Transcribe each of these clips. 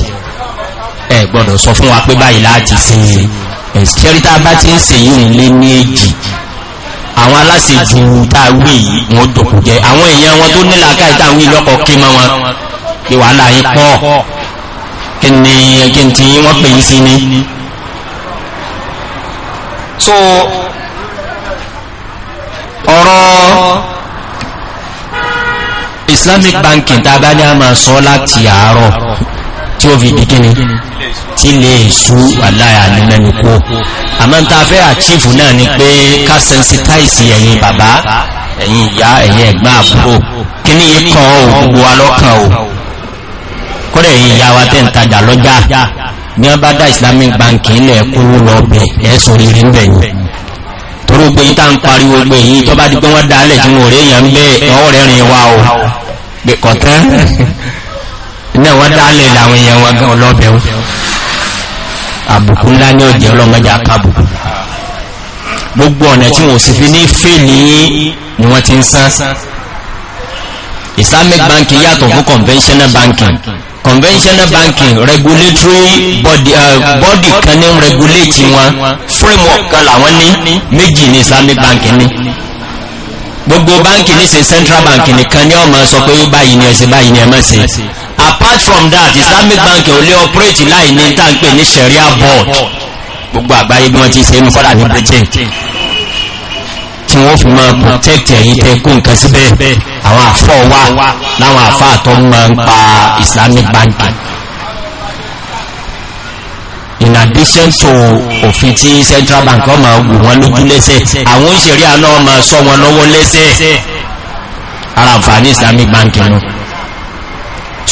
jẹ́ o ẹ gbọ́dọ̀ sọ fún wa pé báyìí láti ṣe ẹ̀sìkẹ́rítà bá ti ń ṣe yìí lé ní èjì àwọn aláṣejù tá a wí yìí wọ́n dòkò jẹ́ àwọn èèyàn wọn tó nílà káì tá a wí lọ́kọ̀ kí mọ́ wọn pé wàhálà yín pọ̀ kí ni kí n wọ́n pè yín sí ni. so ọ̀rọ̀ islamic banking tá a bá ní a máa sọ láti àárọ̀ tí ó fi dìkíní tí lè ṣú aláyà ní mẹ́nu kó àmọ́ ta fẹ́ àchífù náà ni pé ká sensitize ẹ̀yin bàbá ẹ̀yin ìyá ẹ̀yin ẹ̀gbọ́n àbúrò kí ní ikọ̀ gbogbo wa lọ́kàn o kọ́rẹ̀ ẹ̀yin ìyá wa tẹ́ ń tajà lọ́jà ní wọ́n bá dá islamic bank ilẹ̀ kúrú lọ bẹ̀ ẹ̀ sọ̀rọ̀ rí bẹ̀ torí gbé yìí tá ń pariwo gbé yìí tó bá di pé wọ́n dálẹ̀ tí wọ́n rí èèyàn bẹ́ẹ̀ ọwọ́ wa o gbẹ̀kọ̀tán náà wọ́n dálẹ̀ làwọn èèyàn wọn gan ọlọ́bẹ̀ ó àbùkù ńlá ní ọ̀jẹ̀ ọlọ́mọdé akábùkù gbogbo ọ̀nà tí wọ́n sì fi ní fèlì ni wọ́n ti ń san islamic banking yàtọ̀ fún conventional banking conventional banking regulatory body, uh, body kan ní regulate wọn framework kan làwọn ní méjì ní islamic banking ní gbogbo báńkì ní ṣe central bank nìkan ní ọmọ sọ pé báyìí ni ẹ ṣe báyìí ni ẹ má ṣe apart from that islamic bank ò lè operate láì ní táǹpẹ̀ ní sharia board gbogbo àgbáyé bí wọ́n ti ṣe é kọ́dà ní britain tí wọ́n fi máa protect ẹ̀yìn tẹ́kù nǹkan síbẹ̀ àwọn àfọ́ wà láwọn àfá àtọ́ máa ń pa islamic bank. in addition to òfin tí central bank ọmọ wù wọn lójú lẹ́sẹ̀ àwọn ìṣẹ̀rí àná ọmọ sọ wọn lọ́wọ́ lẹ́sẹ̀ ara àǹfààní islamic bank. náà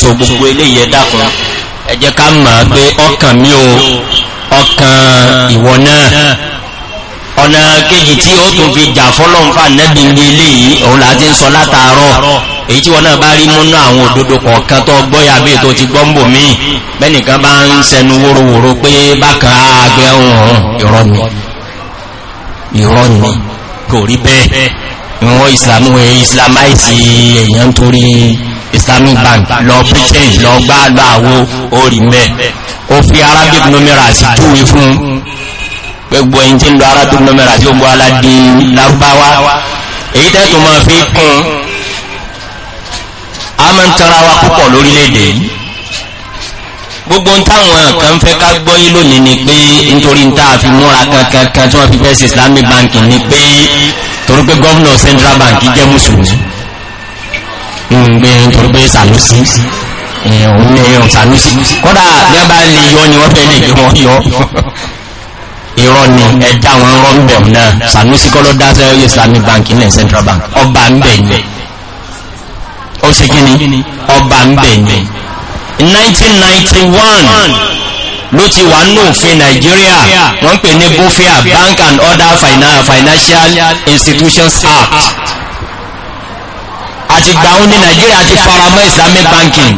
so gbogbo eléyìí ẹ dákun ẹ jẹ́ ká mọ̀ pé ọkàn mi o ọkàn ìwọ náà ọ̀nà kejì tí ó tún fi jà fọ́lọ́nfà nẹ́bí ní eléyìí òun láti ń sọ látàárọ̀ èyí tí wọ́n náà bá rí múnú àwọn òdodo kọ̀ọ̀kan tó gbọ́yà bí ètò ti gbọ́mbò míì bẹ́nìkan bá ń sẹnu wóróworó pé bákan ààgbẹ́ ohun ìrọ́ni ìrọ́ni kò rí bẹ́ẹ̀ ìwọ̀n ìsìlámù ìsìlámáìsì èèyàn torí islamic bank lọ pẹ́tẹ́jì lọ gbáàgbà àwọ orí mẹ́ o fi arabic numerals túwé fún gbogbo ẹ̀yìn tí ń lọ arabic numerals yóò gbọ́ aládé lárúbáwá èyí tẹ́tù máa fi kún a máa ń tara wa púpọ̀ lórílẹ̀-èdè yìí gbogbo ń táwọn kan fẹ́ ká gbọ́yé lónìí ni pé nítorí ń tá a fi múra kankan tí wọ́n fi fẹ́ sí islamic bank ni pé torí pé gọ́vnọ̀ central bank jẹ́ mùsùlùmí ìgbẹ́ sànúsí òun ní ẹ̀yàn sànúsí kọ́dà bí a bá lè yọ ni wọ́n fẹ́ lè yọ wọ́n yọ irọ́ ni ẹ̀dá wọn rọ́ ń bẹ̀ náà sànúsí kọ́ ló dá sẹ́yọ́ Islamic Bank ilẹ̀ Central Bank ọba ń bẹ̀ ni ó ṣe kí ni ọba ń bẹ̀ ni 1991 ló ti wà ní òfin Nàìjíríà wọ́n pè ní bofia Bank and Other Financial Institutions Act àti gbà ó ní nàìjíríà ti fara mọ́ islamic banking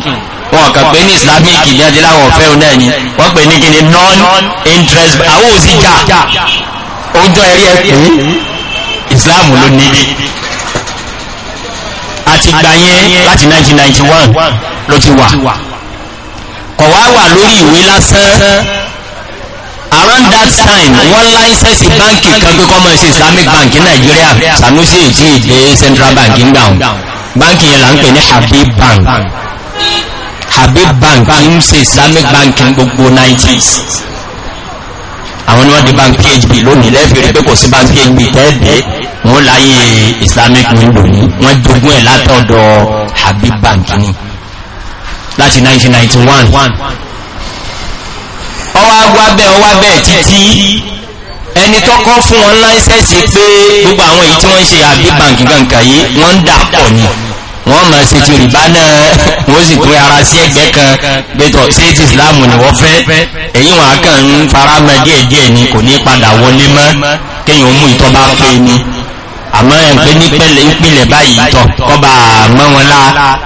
wọn kàn pé ní islamic ní adéláwọ̀ ọ̀fẹ́ òun náà ni wọ́n pè ní kíni non interest àwọn òsì jà oúnjẹ ẹ̀rí ẹ̀ pé islam ló níbi àti gbà yẹn láti 1991 ló ti wà kọ̀ wá wà lórí ìwé lásán around that time one láìsẹ̀sì báńkì kan pé kọ́mọ̀ sí islamic bank ní nàìjíríà sanusi èjì ìdè central bank ń gbà wọn báńkì yẹn là ń pè ní habib bank habib bank ń ṣe islamic bank ní gbogbo 90s àwọn ni wọ́n di bank phb lónìí lẹ́fẹ̀ẹ́ rẹ̀ pé kò sí bank phb tẹ́ẹ̀dẹ́ wọ́n láyé islamic window ní wọ́n jogún ẹ̀ látọ̀dọ̀ habib bank ní láti 1991 ọwọ́ agbábẹ́ ọwọ́ abẹ́ títí ẹni tọ́kọ́ fún wọn láìsẹ́sì pé gbogbo àwọn èyí tí wọ́n ń ṣe habib bank gankan yìí wọ́n ń dà pọ̀ ni wọ́n mọ̀ sí ti rìbá náà wọ́n sì pé ara sí ẹgbẹ́ kan gbẹ́tọ̀ sí ti islam ni wọ́n fẹ́ èyí wọn kàn ń fara díẹ̀díẹ̀ ni kò ní padà wọlé mọ́ kéèyàn mú ìtọ́ba pé ni àmọ́ ẹgbẹ́ nípẹ̀lẹ̀ ìpìlẹ̀ báyìí tọ́ kọba mọ́ wọn lá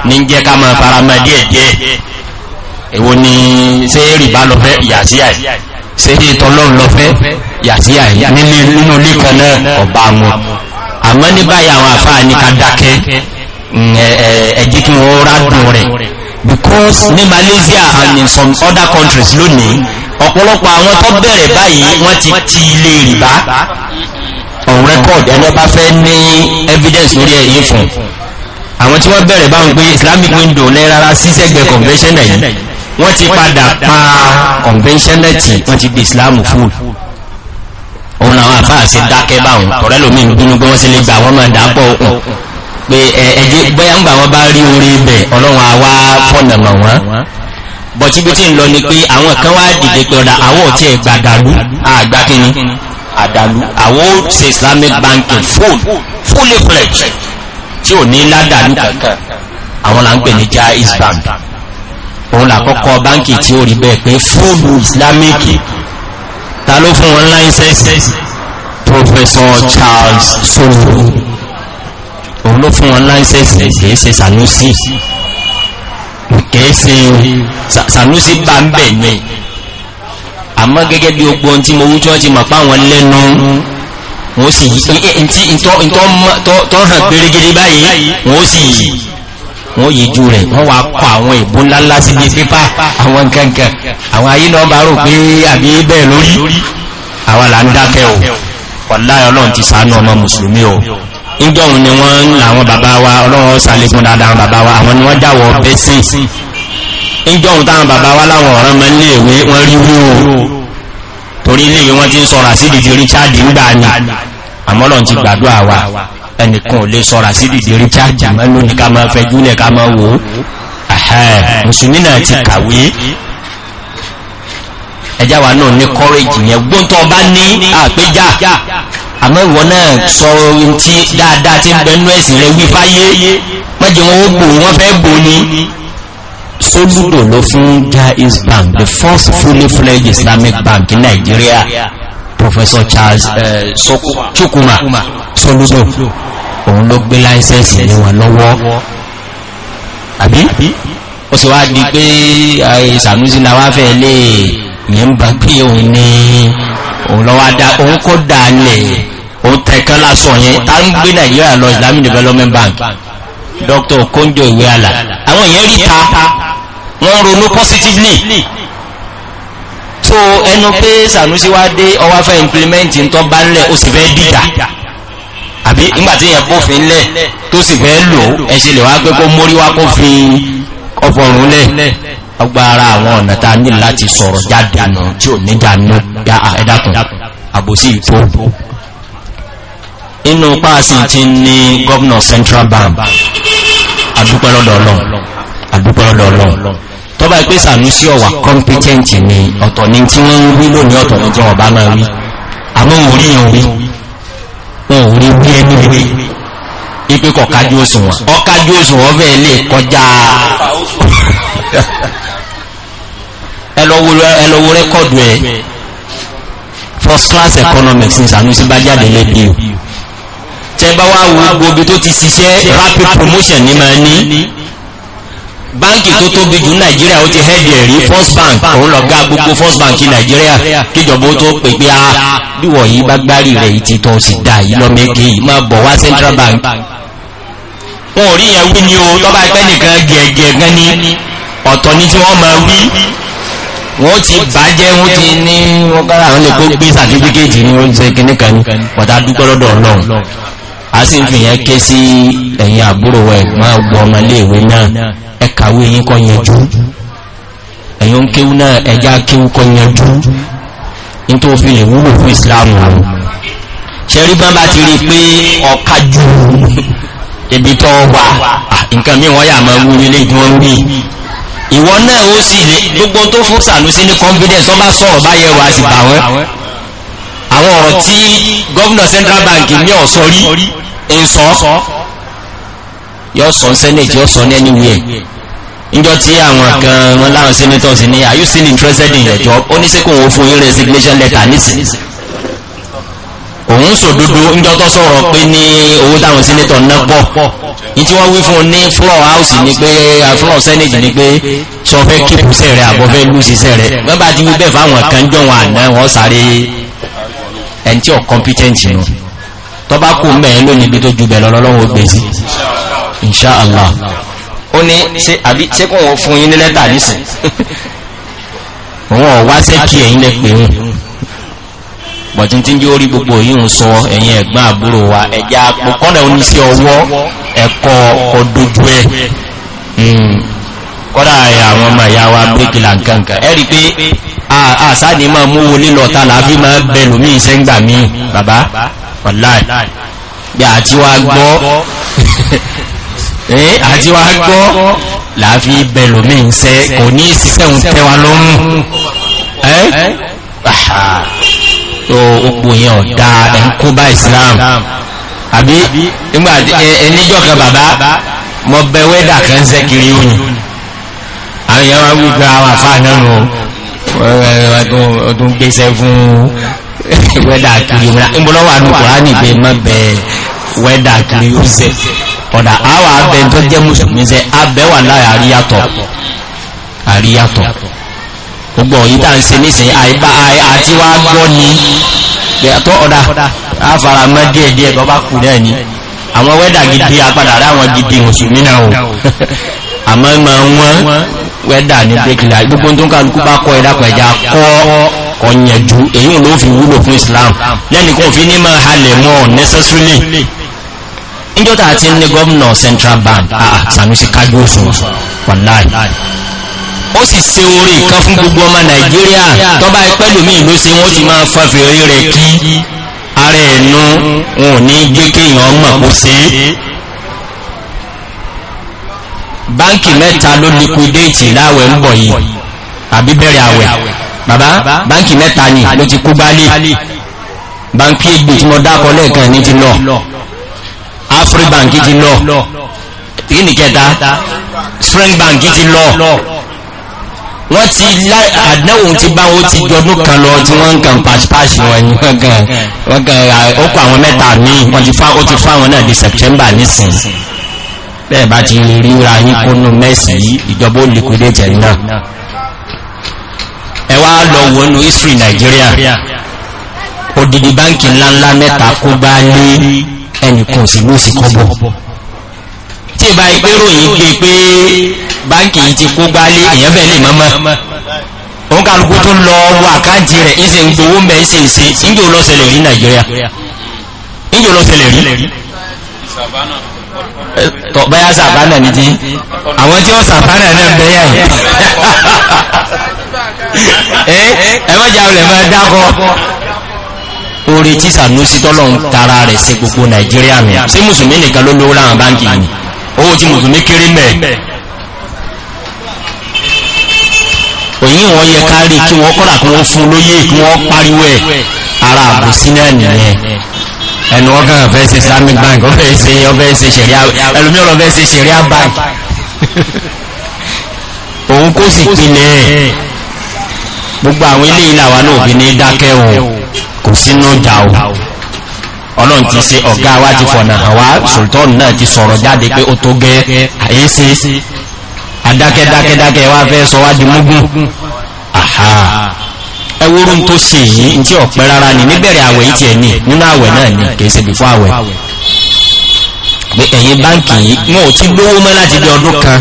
ní jẹ́ ká mọ́ fara díẹ̀díẹ̀ èwo ni ṣé rìbá lọ fẹ́ yà sí àyè ṣé ìtọ́lọ́run lọ fẹ́ yà sí àyè nínú ilé kan náà ọba ẹ̀jí kí wọ́n rádùn rẹ̀ because ní Malaysia and in some other countries lónìí ọ̀pọ̀lọpọ̀ àwọn tó bẹ̀rẹ̀ báyìí wọ́n ti ti ilé rìbá on record ẹni ọba fẹ́ ní evidence lórí ẹ̀yìn fún àwọn tí wọ́n bẹ̀rẹ̀ báwọn pé Islamic window ní rárá sísẹ́gbẹ̀ convention yìí wọ́n ti padà pa convention lẹ́tì wọ́n ti di Islam fún òun àwọn àfáà sí dákẹ́ báwọn ọ̀rẹ́ lómi ìgbónúgbọ́n sí lè gbà wọ́n máa dàpọ̀ òkun pé ẹjẹ́ bóyá ń gbà wọ́n bá rí orí ibẹ̀ ọlọ́run àwa fọ́nà mọ̀ wọ́n bọ̀tíbí tí ń lọ ni pé àwọn kan wá dìde pé ọ̀dà àwọ̀ tí ẹ̀ gbàdàlú àgbàkíní àdàlú àwọ̀ ṣe islamic banking full fully fledged tí ò ní ládàlú kankan àwọn là ń pè ní jais bank òun làkọ́kọ́ báńkì tí ó rí bẹ́ẹ̀ pé fúlù islamic ta ló fún wọn láìsẹ́sì professor charles solu òun ló fún wọn láìsẹ̀sẹ̀ kìí ṣe sànúsì kìí ṣe sànúsì bá ń bẹ̀ ní àmọ́ gẹ́gẹ́ bí ogbon tí mo wú tí wọ́n ti mọ̀ páwọn lẹ́nu wọ́n sì yí tọ́ hàn pérégede báyìí wọ́n sì yí wọ́n yí ju rẹ̀ wọ́n wá kọ àwọn ìbú ńláńlá sí bí pépà àwọn kankan àwọn ayé náà bá rò pé àbí bẹ́ẹ̀ lórí àwọn là ń dákẹ́ o wàláyọ̀ náà ti ṣàánú ọmọ mùsùlùmí o níjọ́ òun ni wọ́n làwọn bàbá wa ọlọ́run sàlékún dáadáa àwọn bàbá wa àwọn ni wọ́n jáwọ́ bẹ́sìn níjọ́ òun táwọn bàbá wa láwọn ọ̀ràn mọ́ nílé ìwé wọ́n rí wú o torí ilé wọ́n ti ń sọ̀rọ̀ sí ìdíje Richard ńgbà ni àmọ́ lọ́n ti gbàdúrà wa ẹnìkan ò lè sọ̀rọ̀ sí ìdíje Richard mọ́ lónìí ká máa fẹ́ júlẹ̀ ká máa wò ó mùsùlùmí náà ti kàwé ẹjá wa náà ní kọ́rẹ́jì yẹn gbóntọ́ bá ní àpéjá àmọ́ ìwọ náà sọ ohun tí dáadáa ti ń bẹ nú ẹ̀sìn rẹ wí fáyé mọ́jọ wọn ó gbò wọ́n fẹ́ bò ní sólùdò ló fún Jaiz Bank the first fully fledged Islamic bank in Nigeria Professor Charles eh, uh, Chukwuma sólùdò òun ló gbé láìsẹ̀sì lé wọn lọ́wọ́ àbí ó sì wá di pé eh, Sanusi làwọn afẹ́ lè yẹn ń bá pé òun ní òun lọ́wọ́ adá òun kó dà lẹ̀ òun tẹ̀kán lásán yẹn tá ń gbé nàìjíríà lọ islamic development bank dr konjo ìwé àlà àwọn èèyàn rí ta wọ́n ronú positively so ẹnu pé sànúsí wá dé ọwá fẹ́ implement ń tọ́ bá ńlẹ̀ ó sì fẹ́ dìjà àbí nígbàtí èèyàn bófin lẹ̀ tó sì fẹ́ lò ẹ̀ṣẹ̀ lè wá pé kó mórí wá kó fi ọfọ̀rún lẹ̀ agbára àwọn ọ̀nà tá ní láti sọ̀rọ̀ jáde nù tí ò ní dànù ya ẹ̀dàkùn àbòsí ìtò inú páàsì ti ní gọ́ọ̀nà central bank àdúpẹ́lọ́dọ̀ọ̀lọ́ tọ́bá ìpé sànúsí ọ̀wà competent ni ọ̀tọ̀ ni tí wọ́n ń lónìí ọ̀tọ̀ ni tí wọ́n bá máa wí àmọ́ orí yẹn orí wọn ò rí bí ẹni rí ipé kọ̀kájú òsùn ọkájú òsùn fẹ́ lè kọjá ẹlọ́wọ́ rẹ́kọ̀dù ẹ̀ first class economics ní Sanusi bá jáde lẹ́bí o tẹ́ bá wá wo gbogbo tó ti ṣiṣẹ́ rapid promotion ní máa ní báńkì tó tóbi jù Nàìjíríà ó ti hẹ́ẹ̀dì ẹ̀rí first bank òun lọ gá gbogbo first bank Nàìjíríà kíjọba ó tó pè pé a ah, bíwọ̀ yìí bá gbárí rẹ̀ yìí ti tọ́ sí dá yìí lọ́mẹ́gẹ́ yìí máa bọ̀ wá Central Bank wọn ò rí yẹn wí ni o tọ́ba ẹgbẹ́ nìkan gẹ̀ẹ́gẹ̀ẹ́ gan ni ọ̀tọ̀ ni tí wọ́n máa wí wọ́n ti bàjẹ́ wọ́n ti ní wọ́n kára àwọn lè kó gbé sàtífíkèjì ní oúnjẹ o. pàtà a sì ń fi yẹn ké sí ẹ̀yìn àbúrò ẹ̀ máa gbọ́ náà ẹ kàwé yín kọ́ ẹ̀yìn kéwú náà ẹja kéwú kọ́ lè wúlò fún ṣẹ́rí bá bá ti rí pé ọ̀ka tó wà nǹkan ìwọ náà ó sì lè gbogbo tó fún sànúsí ní confidence wọ́n bá sọ̀rọ̀ bá yẹ wà sí bàwẹ́ àwọn ọ̀rọ̀ tí gọ́vnà central bank ní ọ̀sọ́ rí ìsọ́ yóò sọ senate yóò sọ ní ẹni wíẹ̀ níjọ́ tí àwọn kan wọn láwọn senators ní are you still interested in your job ó ní sí kò wọ́n resignation letter nísìnyí òun sòdodo ńjọ́ tó sọ̀rọ̀ pé ní owó táwọn sínétọ̀ ná pọ̀ ní tí wọ́n wí fún ní floor house ni pé floor senate ni pé sọ fẹ́ kíkù sẹ́ àbọ̀ fẹ́ lùsì sẹ́ rẹ̀ wọ́n bá ti wí bẹ́ẹ̀ fáwọn kan jọ wọn àná wọn sáré ẹni tí ò competent nù tó bá mẹ́ẹ̀ lónìí ibi tó ju bẹ̀ lọ́lọ́wọ́ gbé e sí inṣáàlá ó ní ṣé kò wọ́n fún yín ní lẹ́tà nísìn òun ọ̀ wá sẹ́kì ẹ̀yìn lẹ́pẹ̀ẹ́ bọ̀tíntí yóò rí gbogbo yíò sọ ẹ̀yìn ẹ̀gbọ́n àbúrò wa ẹ̀já pọ̀kọ́nà oníṣẹ́ ọwọ́ ẹ̀kọ́ ọdójú ẹ̀ hmm. kọ́dà àwọn ọmọ ìyá wa bíríkìlà nkankan ẹ̀rí pé àṣáàdì máa mú wo lílọ́ta láàfí máa bẹ̀lú mí iṣẹ́ ń gbà mí bàbá wàláì bí àti wá gbọ́ àti eh, wá gbọ́ láàfí bẹ̀lú mí iṣẹ́ kò ní ìṣiṣẹ́ ń tẹ́wa lọ́rùn eh? Eh? so ogbò yẹn ọ̀dá ẹ̀kúnbá islam àbí nígbàtí ẹníjọ́ kan bàbá mọ́ bẹ wẹ́dà kan ṣẹ́ kiri oyin àwọn èèyàn wá wípé àwọn àfáà náà nù ọdún gbéṣẹ́ fún wẹ́dà kiri oyin ìbọ̀lọ́wà ní kùránì pé mọ́ bẹ wẹ́dà kiri oyin ọ̀dà àwọn abẹ tó jẹ́ mùsùlùmí sẹ́ abẹ́wà láyà àríyàtọ̀ àríyàtọ̀ gbogbo ọ̀yí tá ń ṣe nísìn àìbá àti wá gbọ́ ni tó ọ̀dá àfàrà mọ́ díẹ̀ díẹ̀ tó bá kù náà ni àwọn wẹ́dà gidi apadà ráwọn gidi mùsùlùmí náà àmọ́ ma wọ́n wẹ́dà ní pékìlá gbogbo tó ń kàlùkù bá kọ́ ìdápọ̀ ẹ̀já kọ́ ọ̀yànjú èyí ló fi wúlò fún Islam lẹ́nì kan fi ní máa halẹ̀ mọ́ necessarily níjọ́ta àti ní gómìnà Central Bank àà Sanusi kájú òfin wàláì ó sì ṣe oore kan fún gbogbo ọmọ nàìjíríà tó bá pẹ́lòmí ló ṣe wọ́n ti máa fa fèrè rẹ̀ kí ara ẹ̀nu wọn ò ní gbé kéèyàn ọmọ kó ṣe báńkì mẹ́ta ló liquidate láwẹ̀ ń bọ̀ yìí àbí bẹ̀rẹ̀ àwẹ̀ bàbá báńkì mẹ́ta ni ló ti kú gbálẹ̀ báńkì ègbè tí mo dákọ̀ lẹ́ẹ̀kan ní ti lọ Afribank ti lọ kí ni kẹta Springbank ti lọ wọ́n ti àdánwò ti bá wọ́n ti jọdún kan lọ tí wọ́n ń kan pàṣípàṣì wọn ni wọ́n kan wọ́n kan ọkọ̀ àwọn mẹ́ta mi wọ́n ti fáwọn ti fáwọn náà di September nísìn bẹ́ẹ̀ bá ti ríra yín kúnnú mẹ́sì yìí ìjọba ó liquidate ẹ̀yìn náà ẹ wá lọ wo nu history Nàìjíríà odidi báńkì ńláńlá mẹ́ta kó bá lé ẹnìkan òsì lóòsì kọ́bọ̀ tí ìbá ìgbéròyìn gbé pé báńkì yìí ti kó gbálé èyàn bẹ́ẹ̀ lè mọ́mọ́ òun kálukú tó lọ wọ àkáǹtì rẹ̀ ìsìn gbowó mẹ́ ìsìn ìsìn ìjò lọ ṣẹlẹ̀ rí nàìjíríà ìjò lọ ṣẹlẹ̀ rí báyá sàbánà ní ti àwọn tí ó sàbánà náà bẹ́yà yìí eh, ẹ̀mọ́jà olè máa dákọ́ orí tí sànúsí tọ́lọ̀ ń tara rẹ̀ sí gbogbo nàìjíríà mi sí mùsùlùmí nìkan ló lówó láwọn báńkì yìí owó tí mùsùlùmí kéré mẹ́ẹ̀ èyí wọ́n yẹ kárí kí wọ́n kọ́lá kí wọ́n fún lóyè kí wọ́n pariwo ẹ̀ ara àbòsí náà nìyẹn ẹnu ọkàn fẹ́ ṣe islamic bank ọfẹ́ ṣe ọfẹ́ ṣe ṣẹ̀ríà ẹlòmíràn ọfẹ́ ṣe ṣẹ̀ríà bank òun kó sì pinlẹ̀ ẹ̀ gbogbo àwọn ilé ilé náà òbí ní dákẹ́ o kò sínú ọjà o ọlọ́run ti ṣe ọ̀gá wa ti fọ̀nà àwa sultan náà ti sọ̀rọ̀ jáde pé ó tó gẹ́ àyè ṣe adákẹ́dákẹ́dákẹ́ wá fẹ́ sọ wá di múgún àhá ẹwúrú tó sì yìí tí ọ̀pẹ́ rárá ni níbẹ̀rẹ̀ àwẹ̀ ìtì ẹ̀ ní nínú àwẹ̀ náà ni kìí ṣe bìfọ́ àwẹ̀ pé ẹ̀yìn báńkì yìí wọn ò ti lówó mọ́ láti di ọdún kan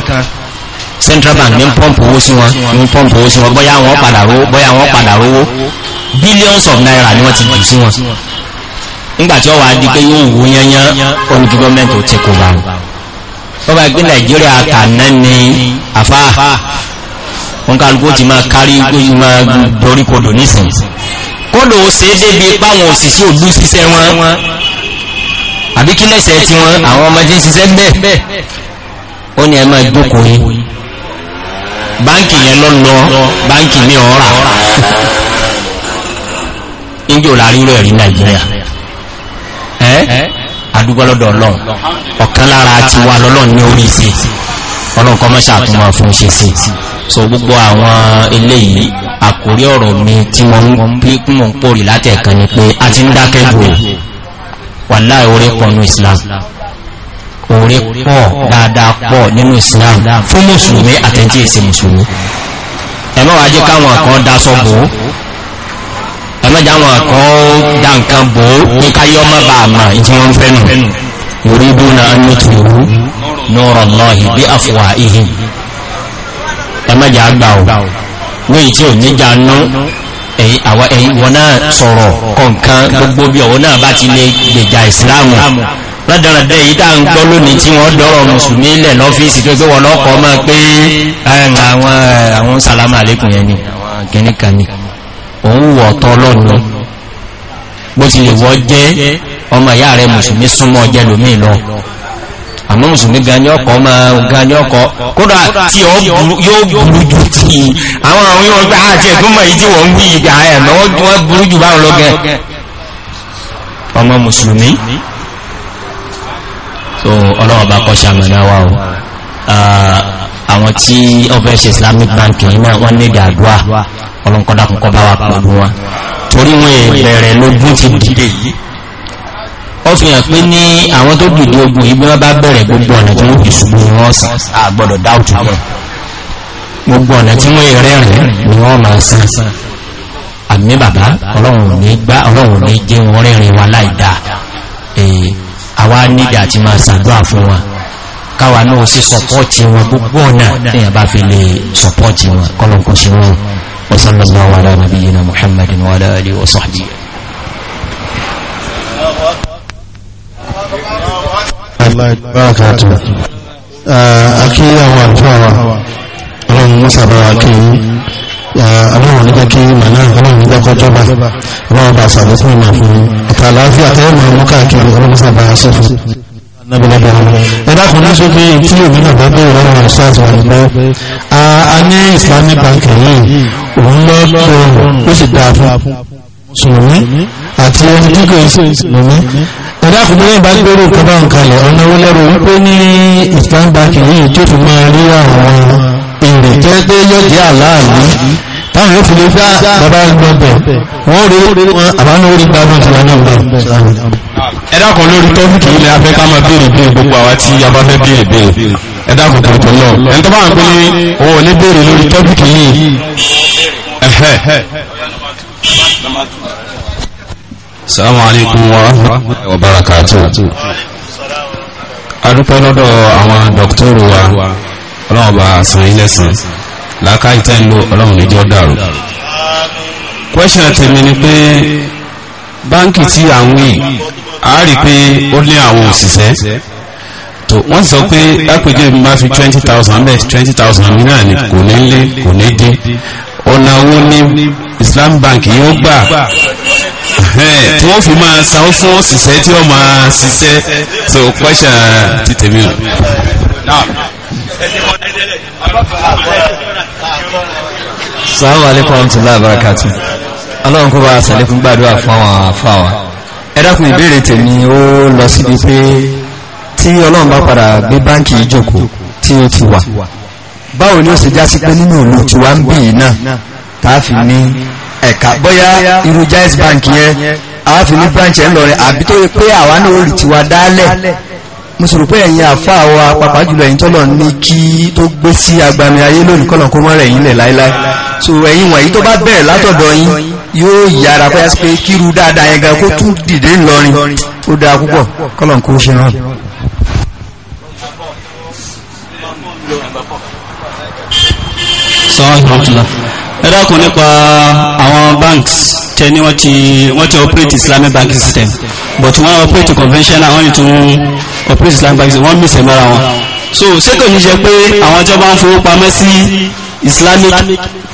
central bank ní pọ́ǹpù owó sí wọn ní pọ́ǹpù owó sí wọn bóyá wọn padà rówó bóyá wọn padà rówó billions of naira ni wọ́n ti dùn sí wọn nígbà tí wọ́n wá di pé yóò wó yányán oníkí gọ́ọ̀mẹ́ntì ò ti kó bá ọba ìpín nàìjíríà tàná ni àfá wọn kálukú ti máa kárí ìgbésí máa dorí kodò nísìn kódò ó ṣe é débi páwọn òṣìṣẹ́ òlú ṣiṣẹ́ wọn àbí kí lẹ́sẹ̀ tí wọn àwọn ọmọdé ṣiṣẹ́ bẹ́ẹ̀ ó ní ẹ máa jókòó yìí báńkì yẹn lọ lọ báńkì ní ọ̀rà níjò láàrin rẹ̀ rí nàìjíríà adúgbọ́lọ́dọ̀ ọlọ́run ọ̀kan lára ti wà lọ́lọ́run ní orí ìsìn ọlọ́run kọ́ mọ́ṣà tó máa fún ṣe sí so gbogbo àwọn eléyìí àkórí ọ̀rọ̀ mi tí wọ́n ń bí kún mọ̀ ń pòrì látẹ̀kan ni pé a ti ń dákẹ́ bò wàláì orí pọ̀ nínú Islam orí pọ̀ dáadáa pọ̀ nínú Islam fún mùsùlùmí àtẹ̀ntí èsì mùsùlùmí ẹ̀mọ́ wàá jẹ́ káwọn kan dá sọ́gbọ̀ọ́ ẹmẹ́jà wọn kan dá nǹkan bò ó káyọ́ má bàa mà ìtí wọ́n fẹ́nu ìrìbù náà ní tòrú nọ́rọ̀ lọ́hì bí àfùwà ihe ẹmẹ́jà gbà ó ní ìtí ò níjà nú wọn náà sọ̀rọ̀ kọ̀ọ̀kan gbogbo bí ọ̀wọ́ náà bá ti lè gbèjà ìsìláàmù lọ́dọ̀rọ̀dẹ́ yìí tá ń gbọ́ lónìí tí wọ́n dọ́rọ̀ mùsùlùmí ilẹ̀ lọ́fíìsì tó gbé wọ́n lọ́kọ̀ọ́ máa pé àwọn sàlámà àlékùn yẹn ni àwọn kìnnìkan ni òun wọ̀ tọ́ lọ́nà bó ti lè wọ́ jẹ́ ọmọ ìyá rẹ̀ mùsùlùmí súnmọ́ jẹ́ lómi lọ àmọ́ mùsùlùmí gani ọkọ̀ ọmọ gani ọkọ̀ kódà tí ó burú jù tí àwọn àwọn yóò gbá àti ah, ẹ̀gbọ́mọ̀ yìí tí wọ́n ń wí ìgbà ẹ̀ mọ́ wọ́n burú jù báwọn lọ́gẹ̀ ọmọ mùsùlùmí so ọlọ́wọ́ bá kọ́ sàmìnà wa o ah, àwọn tí ọfẹ́ ṣe islamic banking náà wọ́n ní ìdàdúwà ọlọ́nkọ́dá kọ́kọ́ bá wà pẹ̀lú wọn torí wọn bẹ̀rẹ̀ lógún ti dìde yìí ó fi hàn pé ní àwọn tó dìde ogun yìí bí wọ́n bá bẹ̀rẹ̀ gbogbo ọ̀nà tí wọ́n fi ṣubú ni wọ́n san àgbọ̀dọ̀ dáùtù wọn gbogbo ọ̀nà tí wọ́n rẹ́rìn ni wọ́n máa san àmì bàbá ọlọ́run ò ní gbá ọlọ́run ò ní jẹ́ wọn wa láì dáa àwa nídìí àti máa ṣàdúrà káwà náà sí sọpọ́ọ̀tì wọn gbogbo ọ̀nà èyàn bá fi lè sọpọ́ọ̀tì wọn kọlọ̀kọ́ sí wọn wasallallahu ala nabiyyina muhammadin wa ala alihi wa sahbihi uh, akí àwọn àlùfáà wa ọlọ́run mọ́sàbá wa kí uh, ọlọ́run nígbà kí màná ọlọ́run nígbà kọjọba ọlọ́run bá sàbẹ̀ fún ìmọ̀ fún ọ̀tà àlàáfíà tẹ́lẹ̀ mọ̀ káàkiri ọlọ́run mọ́sàbá ẹ̀dàkùn ní sókè tí òmìn àbá bẹ̀rẹ̀ lọ́wọ́ ṣáàtì wà nígbẹ́ a ní islamic bank yìí òun lọ́ tọrọ ó sì dáa fún mùsùlùmí àti ẹni tí kò sí mùsùlùmí ẹ̀dàkùn ní ìbá gbèrò kọba nkalẹ̀ ọ̀nà olóró wípé ní islamic bank yìí tó fi máa rí àwọn èrè tẹ́ pé yọ̀dí àláàlú táwọn yóò fi lè fẹ́ bàbá ìgbọ̀bẹ̀ wọ́n rí àbánú orí gbádùn ti wà náà bẹ̀. ẹ dákun lórí tọ́fíkì ilẹ̀ afẹ́ ká máa béèrè béèrè gbogbo àwa tí a bá fẹ́ béèrè béèrè ẹ dákun tó tọ̀ náà ẹni tó bá ń pè ní òun ò ní béèrè lórí tọ́fíkì yìí. salamu alaykum wa rahmatulahi wa barakatuh. adúpẹ́ lọ́dọ̀ àwọn dọ́kítọ́rù wa ọlọ́wọ́ bá san ilé san làákàyè tẹ́ ń lo ọlọ́run níjọ́ dàrú kwẹ́sàn tèmi ni pé báńkì tí à ń wí a rí pé ó ní àwọn òṣìṣẹ́ tó wọ́n sọ pé lápèjẹ́ mi bá fi twenty thousand bẹ́ẹ̀ twenty thousand mi náà ni kò ní lé kò ní dé ọ̀nà wo ni Islam Bank yóò gbà tí wọ́n fi máa sanwó fún òṣìṣẹ́ tí wọ́n máa ṣiṣẹ́ tó kwẹ́sàn ti tèmi o. sàwọn alẹ́kọ̀ọ́ ti láàbàrákàtù ọlọ́run kó bá sàlẹ̀ fún gbàdúrà fún àwọn àfáwà ẹ dákun ìbéèrè tèmi ó lọ síbi pé tí ọlọ́run bá padà gbé báńkì ìjókòó tí ó ti wà báwo ni ó sì já sí pé nínú òlù tí wá ń bì í náà tààfin ní ẹ̀ka bóyá irú jais bank yẹn àáfin ní branch ẹ̀ ń lọrin àbí tó yẹ pé àwa náà ó rì tiwa dálẹ̀ mùsùlùmí ẹ̀yin àfá àwọ apapà jùlọ ẹ̀yin tọ́lọ̀ ní kí tó gbé sí agbami ayé lónìí kọ́lọ̀ kó mọ́rẹ̀ ẹ̀yin lẹ̀ láíláí so ẹ̀yin wọ̀nyí tó bá bẹ̀rẹ̀ látọ̀dọ̀ yín yóò yára pé ẹ́sì pé nípa àwọn banks tẹ ní wọ́n ti wọ́n ti operate islamic banking system but wọ́n operate conventional wọ́n to operate islamic banking system wọ́n mìsẹ̀ mọ́ra wọn so ṣé kò ní jẹ́ pé àwọn tí wọ́n bá ń fowó pamọ́ sí islamic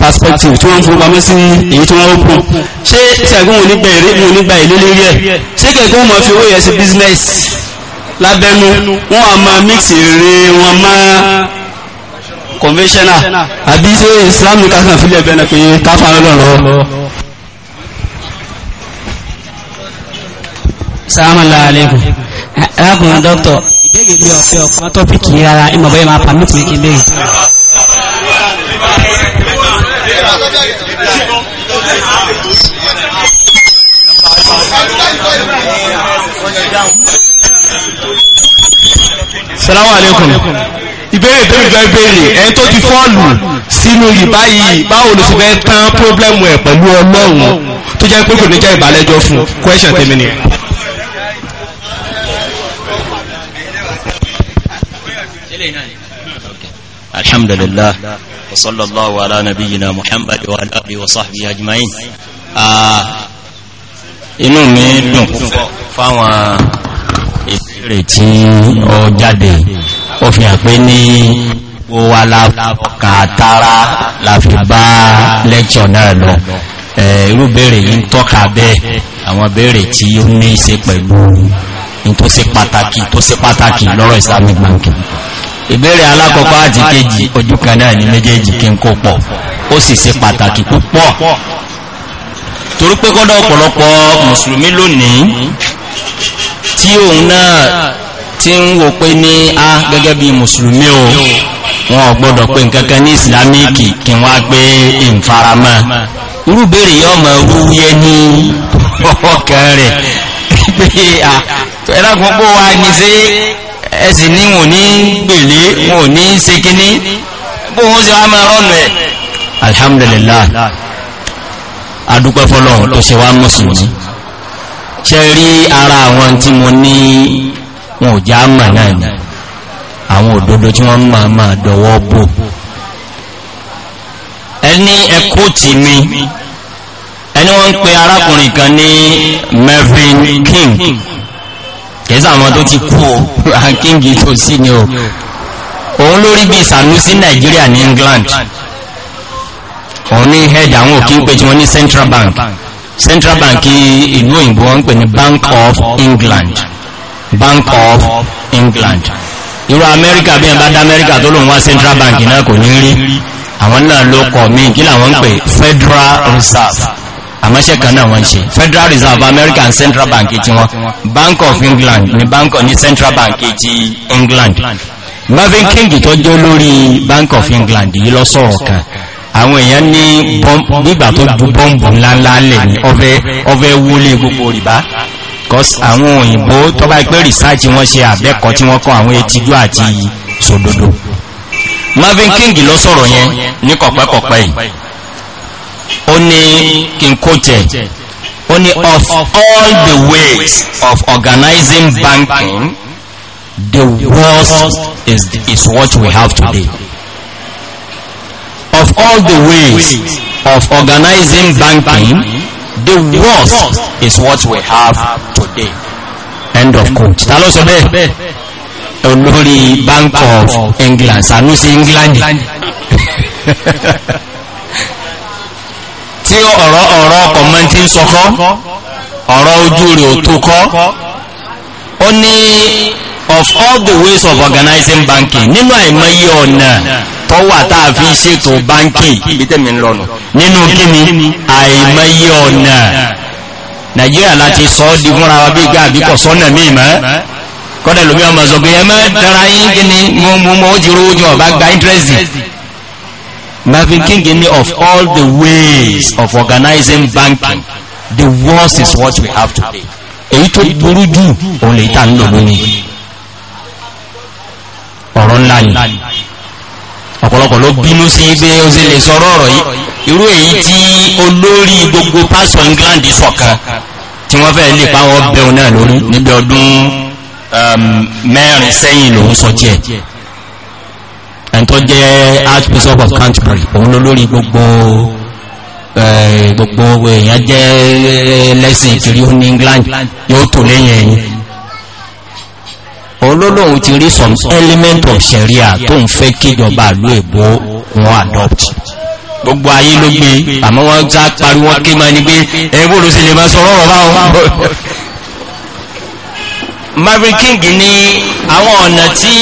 perspective tí wọ́n ń fowó pamọ́ sí èyí tí wọ́n ó pọ̀ ṣé ṣẹ́gun ò ní gba èrè ò ní gba èlé lórí ẹ̀ ṣé kẹ̀kẹ́ wọn fi owó yẹn sí business lábẹ́nu wọ́n á máa mix èrè wọn máa conventional àbí ṣé islamic kankan fi lẹ́ẹ̀bẹ́ náà pé káfà lọ́rọ̀ sàmàlà àlẹ́kùn arákùnrin dọ́kítọ̀ ìbéèrè bí ọ̀fẹ́ ọ̀kan tọ́pìkì rárá ìmọ̀ bóyá máa pàmì fún ìkéde yìí. salamu alaikum ìbéèrè tó ń gbọ́ ìbéèrè ẹni tó ti fọ́ọ̀lù sínú ìbá yìí báwo ló sì fẹ́ tán pírọ́blẹ́mù ẹ̀ pẹ̀lú ọlọ́run tó jẹ́ pé kò ní jẹ́ ìbálẹ́jọ́ fún kwẹ́sàn tèmi الحمد لله وصلى الله على نبينا محمد وعلى آله وصحبه أجمعين inú mi dùn fáwọn ìbéèrè tí ó jáde ó fi hàn pé ní gbogbo wa la ọkà tara la fi bá lẹ́kṣọ̀ náà lọ irú béèrè yìí ń tọ́ka bẹ́ẹ̀ àwọn béèrè tí ó ní í ṣe pẹ̀lú tó ṣe pàtàkì tó ṣe pàtàkì lọ́rọ̀ islamic banking ìbéèrè alákọ̀ọ́kọ́ àti kejì ojú kan náà ní méjèèjì kí n kó pọ̀ ó sì ṣe pàtàkì púpọ̀ torí pé kọ́dọ̀ ọ̀pọ̀lọpọ̀ mùsùlùmí lónìí tí òun náà ti ń wo pé ní a gẹ́gẹ́ bí mùsùlùmí o wọn gbọ́dọ̀ pé nkankan ní ìsìlámíkì kí wọ́n á gbé ìfaramọ́ irúbèrè yóò mọ orúwúyẹ ní ọkàn rẹ̀ pé ẹ̀rọ àgbọ̀gbọ̀ wa ní sí ẹ̀sì ní wọn ní gbèlé wọn ní síkíní bó wọ́n sì wá máa rọ́nù ẹ̀ alhamdulillah adúpẹ́ fọ́lọ́run tó ṣe wá mùsùlùmí ṣe rí ara àwọn tí mo ní wọn ò já mà náà ni àwọn òdodo tí wọ́n máa máa dọwọ́ bò ẹni ẹkú tì mí ẹni wọ́n ń pe arákùnrin kan ní Mervyn King kẹsà àwọn tó ti kú o ránkíngì tó sí ni o òun lórí bí Sanusi Nàìjíríà ní England òun ní head àwọn òkín pé tí wọ́n ní Central Bank Central Bank ìlú òyìnbó wọ́n pè ní Bank of England Bank of England irú Amẹ́ríkà bí ẹ̀ bá dá Amẹ́ríkà tó lòun wá Central Bank náà kò ní rí àwọn náà ló kọ̀ mí kí làwọn ń pè Federal Reserve àmọ́ṣẹ́ kan náà wọ́n ṣe federal reserve america and central bank ti wọn bank of england ni bank of ni central bank ti england marvin king tó jẹ́ olórí bank of england yìí lọ sọ̀rọ̀ kan àwọn èèyàn ní gbígbà tó ju bọ́ǹbù ńláńlá lẹ̀ ní ọfẹ́ wúlé gbogbo rìbá cause àwọn òyìnbó tó bá pé research wọ́n ṣe àbẹ́kọ̀ tí wọ́n kọ́ àwọn etijú àti sòdodo marvin king lọ sọ̀rọ̀ yẹn ní kọ̀pẹ́kọ̀pẹ́ yìí ó ní kí n ó ní of all the ways of organizing banking the worst is, is what we have today of all the ways of organizing banking the worst is what we have today end of quote ta ló sọ bank of england sanusi england tí ọ̀rọ̀ ọ̀rọ̀ ọkọ̀ mọ́ ti ń sọkọ́ ọ̀rọ̀ ojú rẹ̀ ò tó kọ́ ó ní of all the ways of organizing banking nínú àìmọye ọ̀nà tó wà tá a fi ṣètò banking nínú kíni àìmọye ọ̀nà nàìjíríà láti sọ ọ́ di fúnra wa bí gbà bí kò sọ́nà míì mọ́ kọ́dà lómi ọmọ sọ pé ẹ má dára yín kí ni mo mọ́ ó ti rówó gba interest Marvin King in of all the ways of organizing banking the worst is what we have today èyí tó burú jù òun lè ta ń lò lónìí ọ̀rọ̀ ńlá ni ọ̀pọ̀lọpọ̀ ló bínú sí ibi ó lè sọ̀rọ̀ ọ̀rọ̀ yìí irú èyí tí olórí gbogbo pásọ̀ England sọ̀kan tí wọ́n fẹ́ lè pàwọ́ bẹ̀rù náà lórí níbi ọdún um, mẹ́rin sẹ́yìn lòún sọ tiẹ̀ ẹ̀ntọ́ jẹ́ archbishop of Canterbury òun ló lórí gbogbo gbogbo èèyàn jẹ́ lẹ́sìn ìtìrí ó ní England yóò tó lẹ́yìn ẹ̀yìn olólóhun ti rí some element of Sharia tó ń fẹ́ kíjọba ìlú èbó wọn adopt gbogbo ayé ló gbé àmọ́ wọ́n já pariwo kí máa ní gbé ẹgbó ló sì lè máa sọ̀rọ̀ ọ̀rọ̀ báwọn Marvin King ní àwọn ọ̀nà tí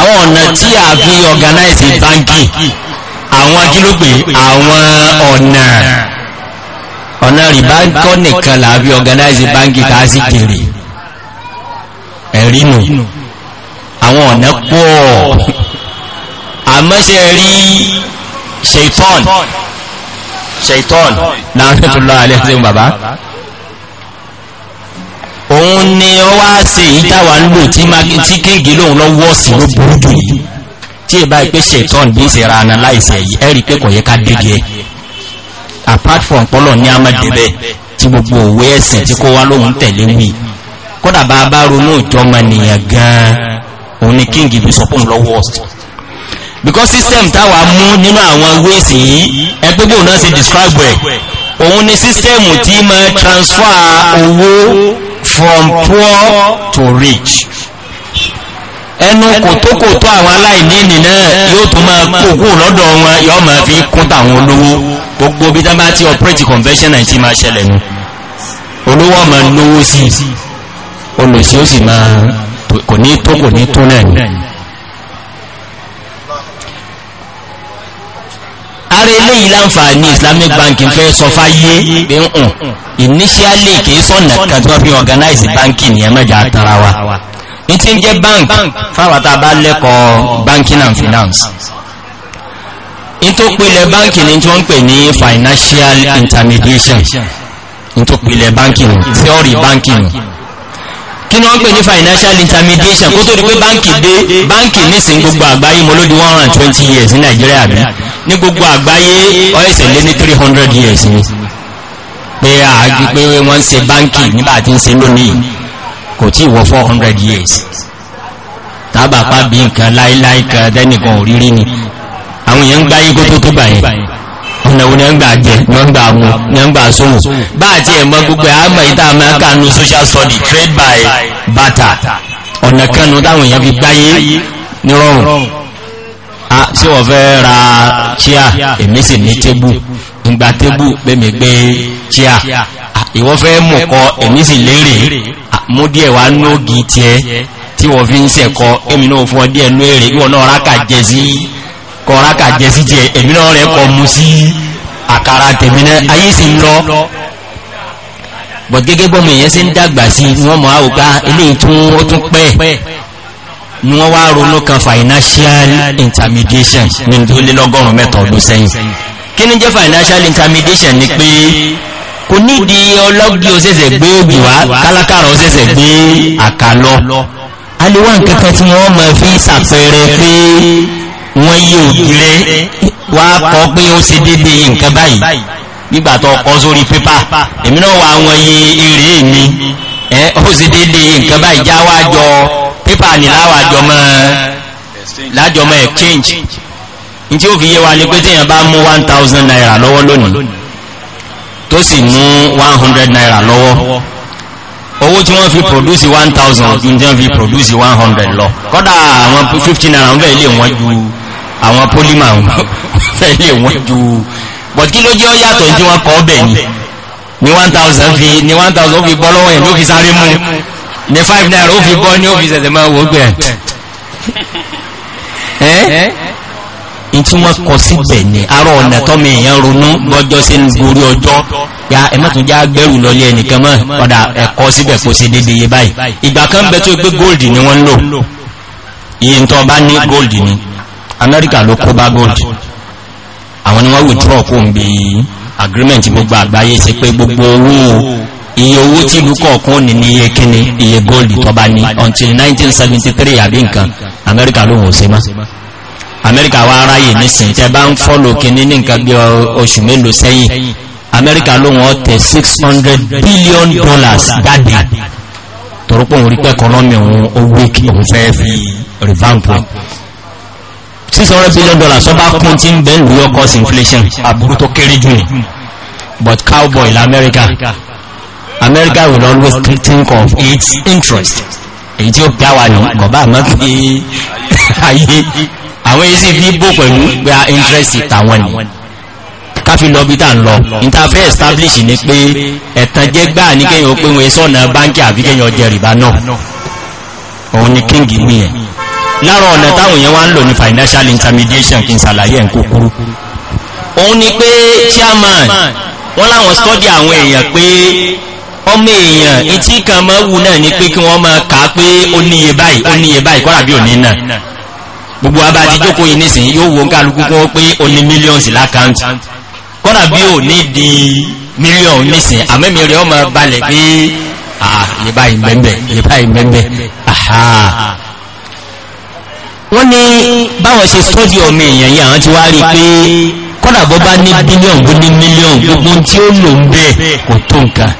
àwọn ọ̀nà tí a fi organize banking àwọn kílógbè àwọn ọ̀nà ọ̀nà rìbá kọ́ nìkan là fi organize banking ká sí kèrè ẹ̀rí nù àwọn ọ̀nà pọ̀ àmọ́ṣẹ́ rí ṣeitọ́n ṣeitọ́n láàrín tó lọ́rọ̀ alẹ́ òun ni ó wá ṣe èyí táwa ń lò tí kéègé lòun lọ wọ́ sí ló burú jù yìí tí ì báyìí pé ṣètọ́n bí ṣe ra ana láìsẹ̀ yìí ẹ rí i pé kò yẹ ká dédé ẹ apart from pọ́lọ̀ ní amadebe tí gbogbo òwe ẹ̀sìn tí kò wá lòun tẹ̀lé wí kódà bá a bá ronú ìjọmọnìyàn gan òun ni kíngì ló sọ fún un lọ́wọ́ because system táwa mú nínú àwọn wéèsì yìí ẹgbẹ́ bò náà ṣe describe ẹ̀ òun ni system tí máa transfer owó from poor to rich ẹnu kòtókòtó àwọn aláìní nìna yóò tó máa kókó lọ́dọ̀ wọn yóò máa fi kún tàwọn olówó gbogbo bí tá bá ti operate convention àti máa ṣẹlẹ̀ nù olówó ọmọ lówó sí olùsí ó sì máa kò ní tó kò ní tó náà ààrẹ eléyìí láǹfààní islamic banking fẹ́ sọ fáyé pé ń hùn initially kìí sọ̀nà kan tó fi organize banking yẹn mẹ́jà tara wa ní tí ń jẹ́ bank fáwọn bá lẹ́kọ̀ọ́ banking and finance in tó pìlẹ̀ báńkì ní tí wọ́n ń pè ní financial intermediation in tó pìlẹ̀ báńkì theory báńkì ní kí ni wọ́n pè ní financial intermediation kó tó di pé báńkì dé báńkì nísìn gbogbo àgbáyé mo ló di one hundred twenty years ní nàìjíríà bí ní gbogbo àgbáyé ọ̀ẹ́sẹ̀ lé ní three hundred years ni pé àájú pé wọ́n ń ṣe báńkì nígbà tí ń ṣe lónìí kò tí wọ four hundred years tábàpá bí nǹkan láíláí kan tẹ́nìkan òrírí ni àwọn èèyàn ń gbáyé kó tó tó báyẹn ọ̀nà wo ni wọ́n gbà jẹ ni wọ́n gbà mu ni wọ́n gbà sóhùn bá àti ẹ̀mọ́ gbogbo àmọ́ ìta amẹ́ríkà nu social study trade by barter ọ̀nà kanu táwọn èèyàn fi gbáyé ní rọrùn a sí wọ́n fẹ́ ra chia èmi sì ní tébù ìgbà tébù bẹ́mi gbé chia ìwọ́n fẹ́ mọ̀ kọ èmi sì lérè mú díẹ̀ wá nógi tiẹ̀ tí wọ́n fi ń sẹ̀kọ èmi náà fún ọ díẹ̀ nú èrè ìwọ náà rákà jẹ sí i kọ̀ọ̀rá ka jẹ sí jẹ èmi náà rẹ̀ kọ mú sí àkàrà tèmi náà ayé sì ń lọ bọ̀t gẹ́gẹ́ bọ́mọ èèyàn sì ń dàgbà sí wọn mọ̀ àwòká ah, eléyìí tún ó tún pẹ́ ni wọ́n wá ronú kan financial intermediation ní ìdólélọ́gọ́rùn-ún mẹ́ta ọdún sẹ́yìn kí ni jẹ́ financial intermediation ni pé kò nídìí ọlọ́gbí ó ṣẹ̀ṣẹ̀ gbé ògì wá kálákàrà ó ṣẹ̀ṣẹ̀ gbé àkàlọ́ aliwa nkankan tí wọ́n mọ̀ fi ṣàpẹẹrẹ pé wọ́n yí òjìlẹ̀ wá kọ́ pé ó sì dédé nǹkan báyìí nígbà tó kọ sórí pépà èmi náà wà wọ́n yí eré mi ẹ́ ó sì dédé nǹkan báyìí já wájọ pépà ní láwàjọmọ́ lájọmọ́ exchange ní tí ó fi yé wa ni pé téèyàn bá mú one thousand naira lọ́wọ́ lónìí tó sì mú one hundred naira lọ́wọ́ owó tí wọ́n fi produce 1000 ní tí wọ́n fi produce hundred lọ kọ́dá àwọn 50 naira ń bẹ̀ lè wọ́n ju àwọn pólímà fẹ́lẹ̀ wọ́n ju but kí ló jẹ́ ó yàtọ̀ tí wọ́n kọ́ bẹ̀ ni ni thousand fi ni 1000 fi bọ́ lọ́wọ́ ẹ̀ ní fi sáré mú ní 5 naira ó fi bọ́ ní ó fi sẹ̀sẹ̀ máa wò gbẹ̀ ẹ́ in tí wọ́n kọ síbẹ̀ ni arọ ọ̀nà tọ́mì èèyàn ronú lọ́jọ́ sí ń gorí ọjọ́ ya ẹmọ́tún já gbẹ̀rù lọlé ẹnìkan mọ́ padà ẹ̀kọ́ síbẹ̀ kò sí dédé yé báyìí ìgbà kan bẹ tó gbé gold ni wọ́n ń lò iye tó bá ní gold ni amẹ́ríkà ló kó bá gold àwọn ni wọ́n withdraw kó ń bí agreement gbogbo àgbáyé sí pé gbogbo owó iye owó tí ìlú kọ̀ọ̀kan ní ní iye kíní iye gold tó ní until 1973 àbí nǹkan amẹ́ríkà ló wọ́n sí má amẹ́ríkà wá ráyè nísìn tẹ́ bá ń fọ́lò kíní ní nǹkan bí oṣù mélòó sẹ́yìn amẹ́ríkà ló wọ́n tẹ 600 billion dollars jáde torópò òun rí pẹ́kọ̀ọ́nọ́mì òun ó wíkì òun fẹ́ fi revamp six hundred billion dollars ọba kún tí ń bẹ́ ń lùyọ́ cost inflation àbúrú tó kéré jù ní but cowboy la America America will always think of its interest èyí tí ó bí àwa nù kọ̀bá àmọ́ kí ayé àwọn èyí sì fi bó pẹ̀lú gba interest tàwọn ni káfí lọ bí tàn lọ interfere establish ni pé ẹ̀tàn jẹ́ gbáà ní kéèyàn ó pé wọn sọ̀nà báńkì àbí kéèyàn jẹ rìbá náà òun ni king wí yẹn lára ọ̀nà táwọn èèyàn wá ń lò ní financial intermediation kí n ṣàlàyé ẹ̀ ń kúkúrú òun ni pé chairman wọ́n láwọn study àwọn èèyàn pé ọmọ èèyàn ìtí kan máa wù náà ni pé kí wọ́n máa kà á pé ó níye báyìí ó níye báyìí kọ́ra bí òní náà gbogbo abá ti jókòó yìí nísìnyí yóò wo kálukú kó pé ó ní millions lákàntì kọ́ra bí ò ní di million nísìnyí àmẹ́mi rẹ̀ ọmọ balẹ̀ pé ah yìí báyìí mẹ́mẹ́ yìí báyìí mẹ́mẹ́ aha wọ́n ní báwọn ṣe stọ́dì ọmọ èèyàn yìí àwọn ti wá rí pé kọ́dà bọ́ bá ní bílíọ̀n bó ní mílíọ̀n gbogbo tí ó lò ń bẹ́ kò tó nǹkan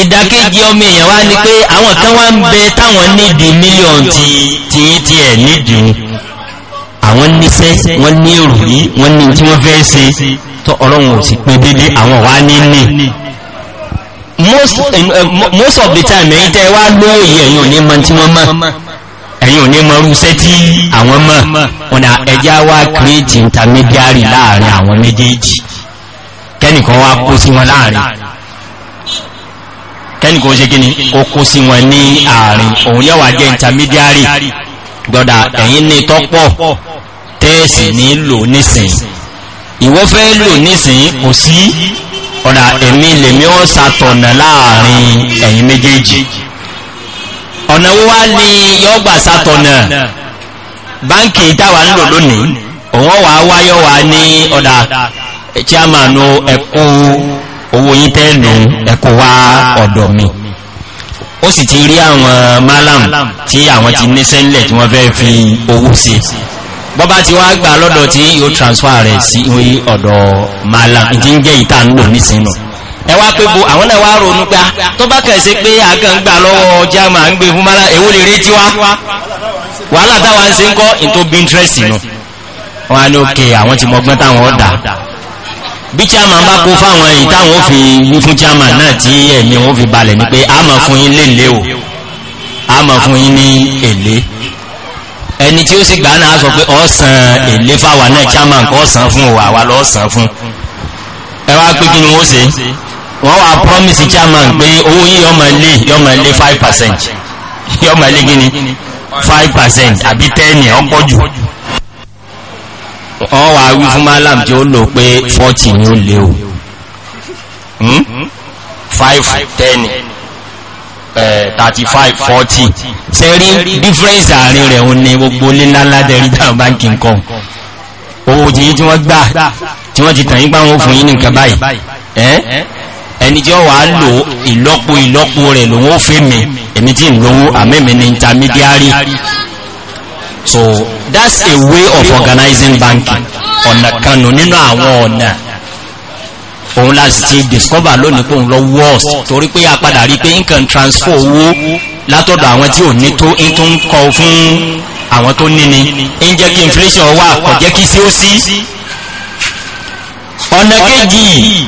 ìdákéjì ọmọ èèyàn wá ní pé àwọn kan wá ń bẹ táwọn nídìí mílíọ̀n ti ti ti nídìí àwọn níṣẹ́ wọ́n ní ìròyí wọ́n ní tí wọ́n fẹ́ ṣe tó ọlọ́run ò sì pé dédé àwọn wá ní ní most eh, of the time ẹ̀yìn tẹ́ wá lóòyè ẹ̀yìn ò ní mọ tí wọ́n mọ̀ ẹ̀yìn ò ní mọ́rú iṣẹ́ tí àwọn mọ́ ọ̀nà ẹjá wá kìrìtì intermediary láàrin àwọn méjèèjì kẹ́nìkan wá kó sí wọn láàrin kẹ́nìkan ó ṣe gíní ó kó sí wọn ní ààrin òun yẹ́ wà jẹ́ intermediary gbọ́dà ẹ̀yìn ní tọ́pọ̀ tẹ́ẹ̀sì ní lò nísìn ìwọ́ fẹ́ lò nísìn kò sí ọ̀nà èmi lèmi ó sàtọ̀nà láàrin ẹ̀yìn méjèèjì ọ̀nà wo wá ní yọ́gbà sátọ̀nà báńkì ìtawà ń lò lónìí òun wà wáyọ́ wà ní ọ̀dà chairmanu ẹ̀kú owó yí tẹ́ẹ̀nù ẹ̀kú wá ọ̀dọ̀ mi ó sì ti rí àwọn malam tí àwọn ti ní sẹ́ńlẹ̀ tí wọ́n fẹ́ fi owó sí bọ́bá ti wá gbà lọ́dọ̀ tí yóò transfer rẹ̀ sí ọ̀dọ̀ malam ìdí ń jẹ́ ìta ń lò nísìnyí ẹ wá pé bo àwọn náà wá ronú pé ah, tó bá kẹ̀ sí pé àgàngbà lọ́wọ́ jama ń gbé e fún mara èwo lè retí wá wàhálà táwa ń se ń kọ́ in bí interest nù wọ́n á ní òkè àwọn ti mọ́gbọ́n táwọn ọ̀dà bí chairman bá kó fáwọn èyí táwọn ó fi wí fún chairman náà tí ẹ̀mí wọn fi balẹ̀ ni pé a mọ̀ fún yín lélẹ̀ o a mọ̀ fún yín ní èlé ẹni tí ó sì gbà náà sọ pé ọ̀sán èlé fáwa náà chairman kọ́ ọ̀sán fún òwà wa lọ́ọ̀sán fún ẹ wá pé kí ni wọ́n ṣe wọ́n wà promise chairman pé owó yí yọ́mọ̀ lé yọ́mọ̀ lé 5% yọ́mọ̀ lé gíní 5% àbí 10 ọpọ̀ jù wọ́n wà wí fún malam tí ó lò pé 40 ni ó lé o 5 10 35 40 sẹ́rí difference àárín rẹ̀ òun ni gbogbo lílálá dẹ̀rí dáhùn báńkì nǹkan owó tí wọ́n gbà tí wọ́n ti tàn yí pàwọn òfin yí nìkan báyìí eh? ẹni jẹ́ wà á lò ìlọ́po ìlọ́po rẹ̀ lòun ó fẹ́ mi èmi tí ń lòun àmẹ́mi ní intermediary so that's a way of organizing banking ọ̀nà kanu nínú àwọn ọ̀nà òun la sì ti discover lónìí pé òun lọ worst torí pé a padà rí pé nǹkan transfer owó látọ̀dọ̀ àwọn tí ò ní tó ń tó ń kọ fún àwọn tó níni ń jẹ́ kí inflation wà kò jẹ́ kí sí ó sí ọ̀nà kejì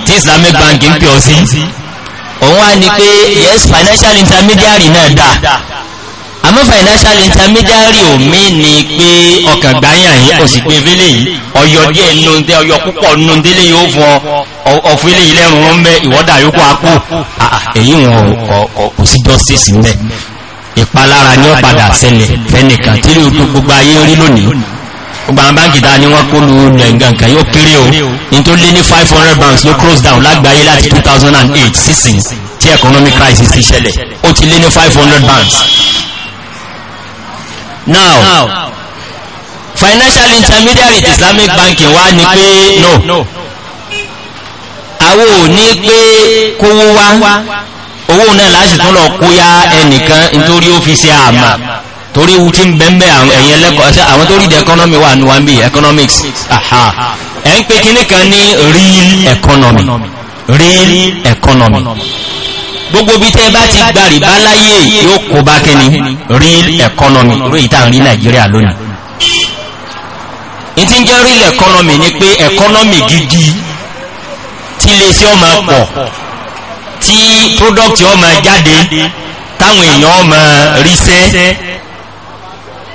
tí islamic bank ń pè ọ sí òun wá ní pé yes financial intermediary náà dà àmọ́ financial intermediary ò mí ni pé ọkàn gbáyàn yìí kò sì pé vélé yìí ọyọ díẹ̀ nínú dé ọyọ púpọ̀ nínú délé yóò fún ọ̀fún ilé ìlẹ́rùn ún mẹ́ ìwọ́dà yóò kó apó èyí wọn kò sí justice mẹ́ ìpalára ní ọ̀padà sẹlẹ̀ fẹ́nìkan tí ó gbogbo ayé rí lónìí gbogbo àwọn báńkì dáa ní wọ́n kó lu nǹkan yóò kéré o ní tó lé ní 500 banks ló close down lágbàáyé láti 2008 sísìn tí economic crisis ti ṣẹlẹ̀ ó ti lé ní 500 banks now financial intermediary islamic banking wá ní pé no àwọn ò ní pé kówó wá owó náà láti tún lọ kó yá ẹnìkan nítorí ó fi ṣe àmà torí wú tí ń bẹ́m̀bẹ́ ẹ̀yìn ẹlẹ́kọ̀ọ́ àwọn tó rídẹ̀ economy wà ní wàmbí economics àhá ẹ̀ ń pè kíní kan ní real economy real economy gbogbo bí tẹ́ bá ti gba rìbá láyé yóò kó bá kíní real economy orí ìta rí nàìjíríà lónìí ìtí ń jẹ́ real economy ni pé economy gidi tí lè sí ọmọ pọ̀ tí product ọmọ jáde táwọn èèyàn ọmọ ríṣẹ́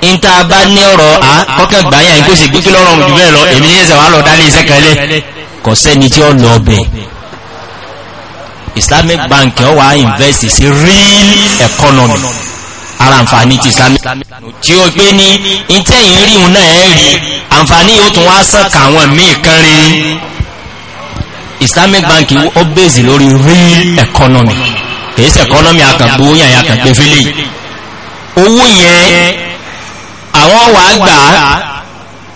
in ta bá ní ọ̀rọ̀ à kọ́kẹ́ gbáyà ní kó sì gbígbí lọ́rọ̀ jù bẹ́ẹ̀ lọ èmi ní wà lọ dálé iṣẹ́ kẹlẹ́ kò sẹ́ni tí ó lọ bẹ̀ islamic bank ó wá invest sí real economy ara àǹfààní ti islamic tí ó gbé ní ìtẹ́yìn ríhun náà ẹ̀ rí àǹfààní yóò tún wá sọ́kà àwọn míì kan rí islamic bank ó bèèzì lórí real economy kèésì economy akàgbó yàn yàkàgbé fílì owó yẹn àwọn wà gbà á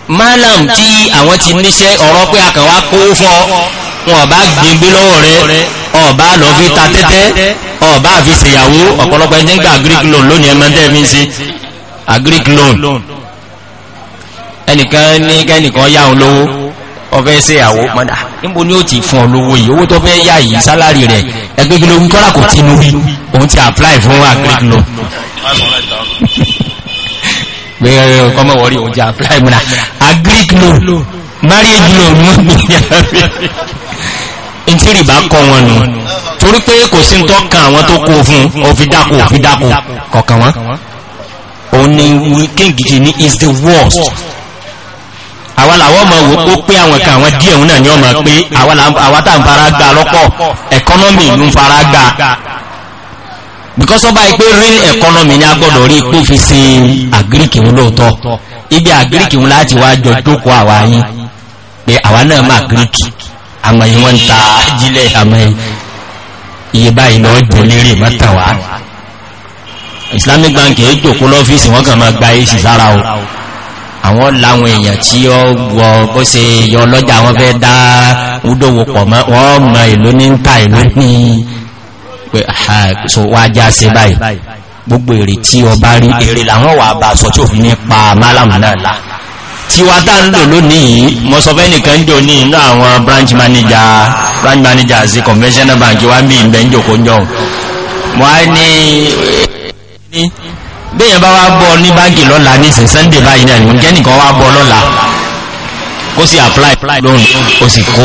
malam tí àwọn ti níṣẹ́ ọ̀rọ̀ pé àkànwá kó fọ́ wọn bá gbìngbé lọ́wọ́ rẹ ọba lọ fi ta tẹ́tẹ́ ọba fi ṣèyàwó ọ̀pọ̀lọpọ̀ ẹni gba agric loan lónìí ẹmọ tẹ́ fi ń ṣe agric loan ẹnìkan ní kẹ́nìkan yá òun lówó ọfẹ́ ṣèyàwó mọ́dà níbo ni ó ti fún ọ lówó yìí owó tó fẹ́ yá yìí sálárì rẹ̀ ẹgbẹ́ kí ló ń kọ́lá kò tinú òun ti apply fún agric loan pé ọkọ̀mọ̀ wọ́rí oúnjẹ apply múra agric marriage law ní wọ́n bí i tí rí bá kọ wọn nù torí pé kò sí tó kan àwọn tó kó fún òfidákò òfidákò kọ̀kan wọn òun ni kíngìkì ní is the worst àwọn làwọn ọmọ wò ó pé àwọn kan àwọn díẹ̀ òun náà ni ọmọ pé àwọn ń fara gba lọ́pọ̀ economy ló ń fara gba because ọba ìpé real economy ní agbọ́dọ̀ rí ipò fi se agiriki wọn lóòtọ́ ibi agiriki wọn láti wá jọ jókòó àwa yìí pé àwa náà má agiriki àmọ́ yìí wọ́n ń ta jílẹ̀ àmọ́ iye báyìí lọ jẹ lérí mọ́ta islamic bank èyí jòkó lọ́fíìsì wọ́n kàn máa gba èsì sára o àwọn làwọn èèyàn tí ó wọ bó ṣe yọ ọlọ́jà wọn fẹ́ dá wúdòwò pọ̀ mọ́ wọ́n mọ ìlú ní ń ta ìlú ní pé so wá já sí báyìí gbogbo èrè tí ọba rí èrè làwọn wà bá sọ tí òfin ní pa málàmù náà lá tí wá tá ń lò lónìí mọ́ sọ fẹ́ nìkan jò ní inú àwọn branch manager branch manager sí conventional bank wá bí ìbẹ̀ ń jòkó jọ wọ́n á ní bẹ́yẹn bá wá bọ́ ní báńkì lọ́la ní sin sunday báyìí náà nìkan wá bọ́ lọ́la kó sì apply lóhùn kó sì kó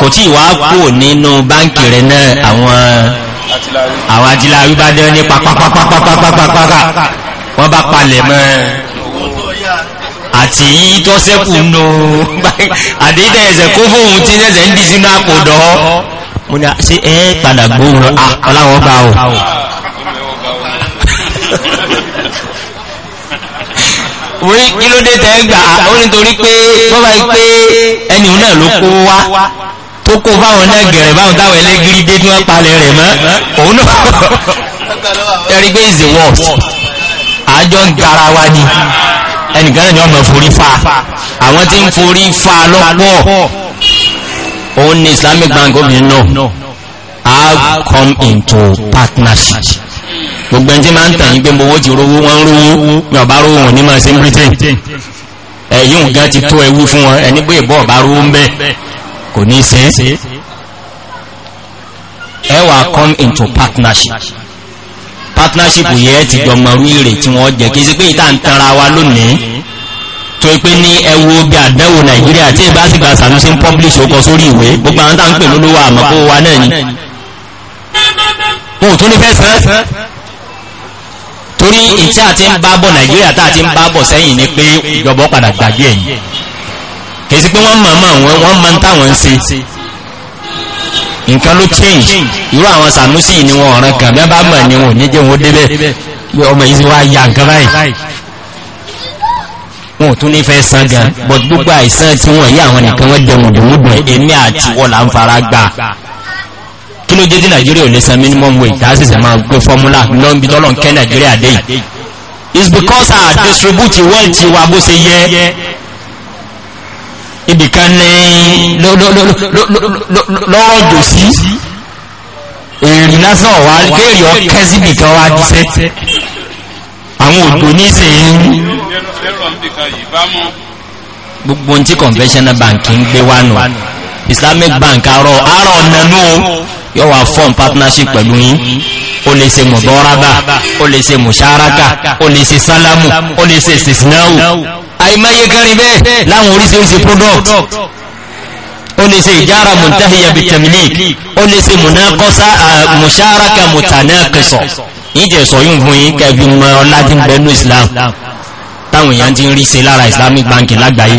kò tí ìwà kúrò nínú báńkì rẹ̀ náà àwọn àwọn ajíláwí bá dẹ́ ní pàpàpàpàpàpàpàpà wọ́n bá palẹ̀ mọ́ àti yí tó sẹ́kù nù àdídẹ́ ẹ̀sẹ̀ kó fóhun tí ẹ̀sẹ̀ ń dì sínú àpòdọ́ mo ní ṣe ẹ́ padà gbóhùn ọláwọ́ bá o mo ní kí ló dé tẹ́ gbà ó nítorí pé wọ́n bá pé ẹni òun náà ló kó wá tó kó fáwọn lẹ́gẹ̀rẹ̀ báwọn táwọn ẹlẹ́gìrì dé tí wọ́n palẹ̀ rẹ̀ mọ́ òun náà ẹ̀rí pé is the worst àjọ gara wa ni ẹnìkan náà ni wọ́n mọ̀ forí fa àwọn tí ń forí fa lọ́pọ̀ òun ni Islamic Bank obìnrin náà have come into partnership gbogbo ẹni tí máa ń tàn yín pé mo wọ́n ti rówó wọ́n ń rówó ní ọ̀bá rówó wọn ní máa ṣe Britain ẹ̀yìn nǹkan ti tó ewu fún wọn ẹni pé ìbọ̀ ọ̀bá rówó ń bẹ́ẹ̀ kò ní ṣe ẹ wà come into partnership partnership yẹ ti jọmọrú ire tí wọ́n jẹ kí n ṣe pé ìta ń tanra wa lónìí tó pé ní ẹwo bí àdẹ́wò nàìjíríà tí ìbá sì gba Sanusi ń publish ó kọ sórí ìwé gbogbo àwọn tá ń pè lólówó àmọ́ kó wa náà ni wọn ò tún ní fẹ́ sàn torí ìtí àti ń bá bọ̀ nàìjíríà tá àti ń bá bọ̀ sẹ́yìn ni pé ìjọba padà gbàgbé ẹ̀yìn kìí sí pé wọ́n mọ̀ mọ̀ wọn wọ́n mọ̀ táwọn ń ṣe nǹkan ló change irú àwọn Sanusi ni wọn ọ̀ràn kan bí wọ́n bá mọ̀ ni wọn ò ní jẹ́ wọn débẹ̀ pé ọmọ yìí wá ya nǹkan báyìí wọn ò tún ní fẹ́ san gan but gbogbo àìsàn tí wọ́n yí àwọn nìkan wọ́n dẹ̀wọ̀n dẹ̀wọ̀n èmi àti wọ́n là ń fara gbà kí ló dé tí nàìjíríà ò lè san minimum wage tá a sì sẹ́mà gbé fọ́múlà lọ́nbi tọ́lọ̀ ń kẹ́ nàìjíríà dé yìí it's because our distribute wealth wa bó ṣe yẹ ibìkan ní lọ́rọ̀jò sí èrì lásán wà kéèrè ọkẹ́ síbì kan wá jíṣẹ́ àwọn òdò ní ìsìn gbogbo tí conventional bank ń gbé wá nù islamic bank arọ arọ nanú yóò wà form partnership pẹ̀lú yín o lè ṣe mọ̀dọ́rábà o lè ṣe mọ̀ṣáraka o lè ṣe sálámù o lè ṣe ìsìsìnáwù àìmáyé kárí bẹ́ẹ̀ láwọn oríṣiríṣi product ó lè ṣe ìjára muntahiya bitamilik ó lè ṣe munakọsa musharaka mutanakisa yìí jẹ́ sọ yóò fún yín kẹbi mọ ọládín bẹnu islam táwọn èèyàn ti ń rí ṣe lára islamic banking lágbàáyé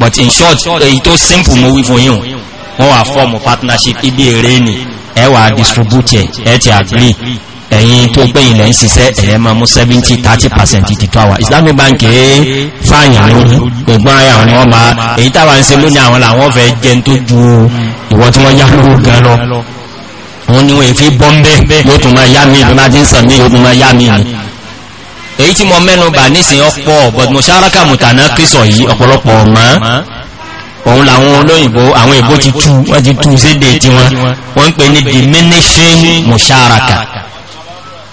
but in short èyí tó simple mo wí fún yín wọ́n wà fọ́ọ̀mù partnership ibi èrè ni ẹ wà distribute ẹ ti agree ẹ̀yìn tó pé ilẹ̀ ń siṣẹ́ ẹ̀yẹ ma mú 70-30% ti tó àwà islamic bank fáyàn lórí gbogbo àyà wọn ma èyí tàwà ń se lónìí àwọn làwọn fẹ́ jẹ tó ju ìwọ tí wọ́n yá lórí gan lọ wọ́n ni wọ́n èfi bọ́m̀bẹ́ yóò tún máa yá mi ìlú máa ti ń sàn mí yóò tún máa yá mi èyí tí mo mẹ́nu nísìn ọ̀pọ̀ but mo ṣáraka mùtànà kíso yìí ọ̀pọ̀lọpọ̀ ọ̀mọ́ òun làwọn olóyìnbó àwọn ìbó ti tú wọ́n ti tú sédè tiwọn wọ́n ń pè ní diminishing musharaka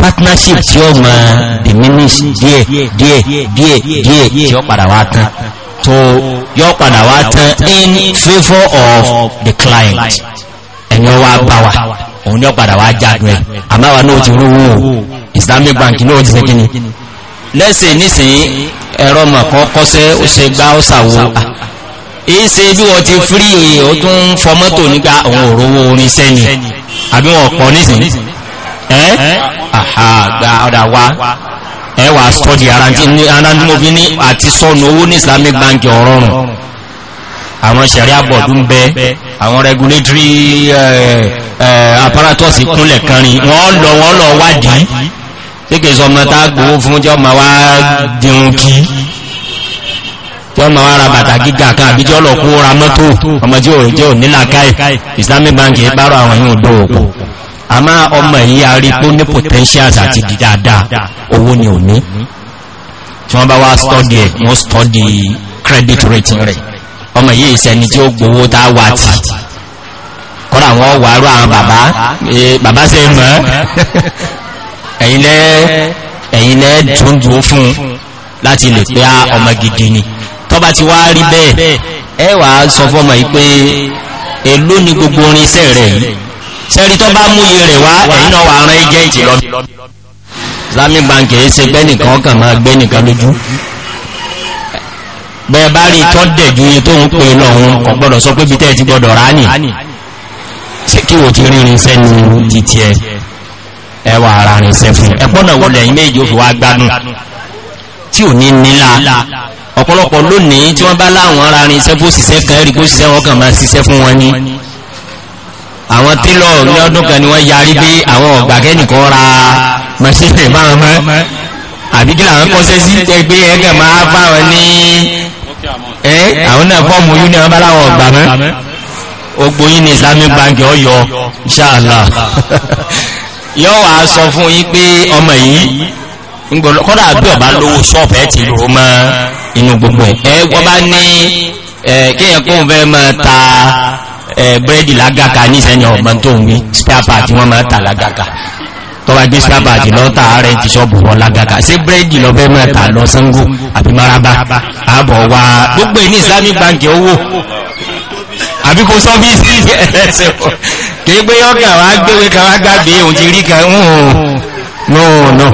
partnership tí ó mọ̀ diminish die, die, die, die, tí ó padà wá tán tó yọ padà wá tán in favour of the client ẹ̀yàn wá bá wa òun yọ padà wá jágun ẹ̀ àmáwa náà ti rówó Islamic bank náà ti sẹ́kíní lẹ́sẹ̀ nísìnyí ẹ̀rọ mọ̀kọ́ kọ́sẹ́ ó ṣe gbá ó ṣàwó ah, ìṣe bí wọ́n ti fírí ó tún fọmọ́tò nígbà òun òrówó orin sẹ́ni àbí wọn pọ̀ nísìnyí ẹ́ eh? àhàgbà eh? ọ̀dà wa ẹ eh, wà stọ́dì aráńtí ní àti sọ́nù owó ní islamic bank ọ̀rọ̀rùn àwọn sẹ̀rí àbọ̀dún bẹ àwọn regulatory apparatus kúnlẹ̀ kanrin wọ́n lọ wọ́n lọ wádìí tí kìí sọ mọ́ta gbòó fún jọ ma wá dìun kí jọ ma wá ra bàtà gíga kan àbí jọ lọ kó ra mọ́tò ọmọ tí ò nílàkáì islamic bank bá rọ àwọn yóò dó òkú àmá ọmọ èyí a rí pó ní potentials àti dídáadáa owó ni ò ní tí wọ́n bá wá study ẹ̀ wọ́n study credit rating rẹ̀ ọmọ yìí ìsẹni tí ó gbowó tá wà tì kọ́nà àwọn wàárù àwọn bàbá bàbá sí mọ́ ẹ̀yìn lẹ́ dùndùn fún láti lè pé ọmọ gidi ni tọ́bá ti wá rí bẹ́ẹ̀ ẹwà sọ fọ́mọ̀ yìí pé èló ni gbogbo orin iṣẹ́ rẹ̀ yìí sẹ́rí tó bá mú iye rẹ̀ wá ẹ̀yìn náà wà rán agent lọ islamic bank èyí ṣe gbẹ́nìkan ọkàn máa gbẹ́nìkan lójú bẹ́ẹ̀ bá rí tọ́ dẹ̀jú iye tó ń pè lọ́hun kò gbọ́dọ̀ sọ pé bítẹ́ ti gbọ́dọ̀ rá nì kí wò ti rírin sẹ́nu títí ẹ ẹ wà ara rìn sẹ́ fún ẹ̀pọ́nà wo lẹ́yìn méjì ó fi wá gbádùn tí ò ní nílá ọ̀pọ̀lọpọ̀ lónìí tí wọ́n bá láwọn ara rìn sẹ́ bó ṣiṣẹ́ kan ẹ̀rí bó ṣiṣẹ́ wọn kàn máa ṣiṣẹ́ fún wọn ní àwọn tílọ̀ ní ọdún kan ni wọ́n yarí pé àwọn ọ̀gbàgẹ́ nìkan ra mẹ́sílẹ̀ báwọn mọ́ àbíkí làwọn kọ́sẹ́ sí tẹ́ pé ẹgbẹ̀ máa báwọn ní ẹ́ àwọn náà fọ́ọ̀mù yú ní àwọn báláwọn ọ̀gbà mọ́ ogbò yí ní Islamic Bank Ọ̀yọ́ ṣáàlá yọ́ wà sọ fún yí pé ọmọ yìí kọ́dà bí ọba lówó ṣọ́ọ̀fù ẹ̀ ti lò mọ́ inú gbogbo ẹ̀ wọ́n bá ní kíyàn kóhùn fẹ́ mọ́ ta Eh, búrẹ́dì lágàkà nísẹ́ni ọ̀gbọ́n tó ń wí spare part wọ́n máa tà lágàkà tó bá gbé spare part lọ́ta ààrẹ ti ṣọ́bù wọn lágàkà sí búrẹ́dì lọ́fẹ́ máa tà lọ Ṣàngó àbí Maraba àbọ̀ wá gbogbo ní Islamic Bank owó àbí kò sọ bí sí ẹsẹ̀ kì í pé ọkà wá gbéwé kan wá gbàgbé òun ti rí kan no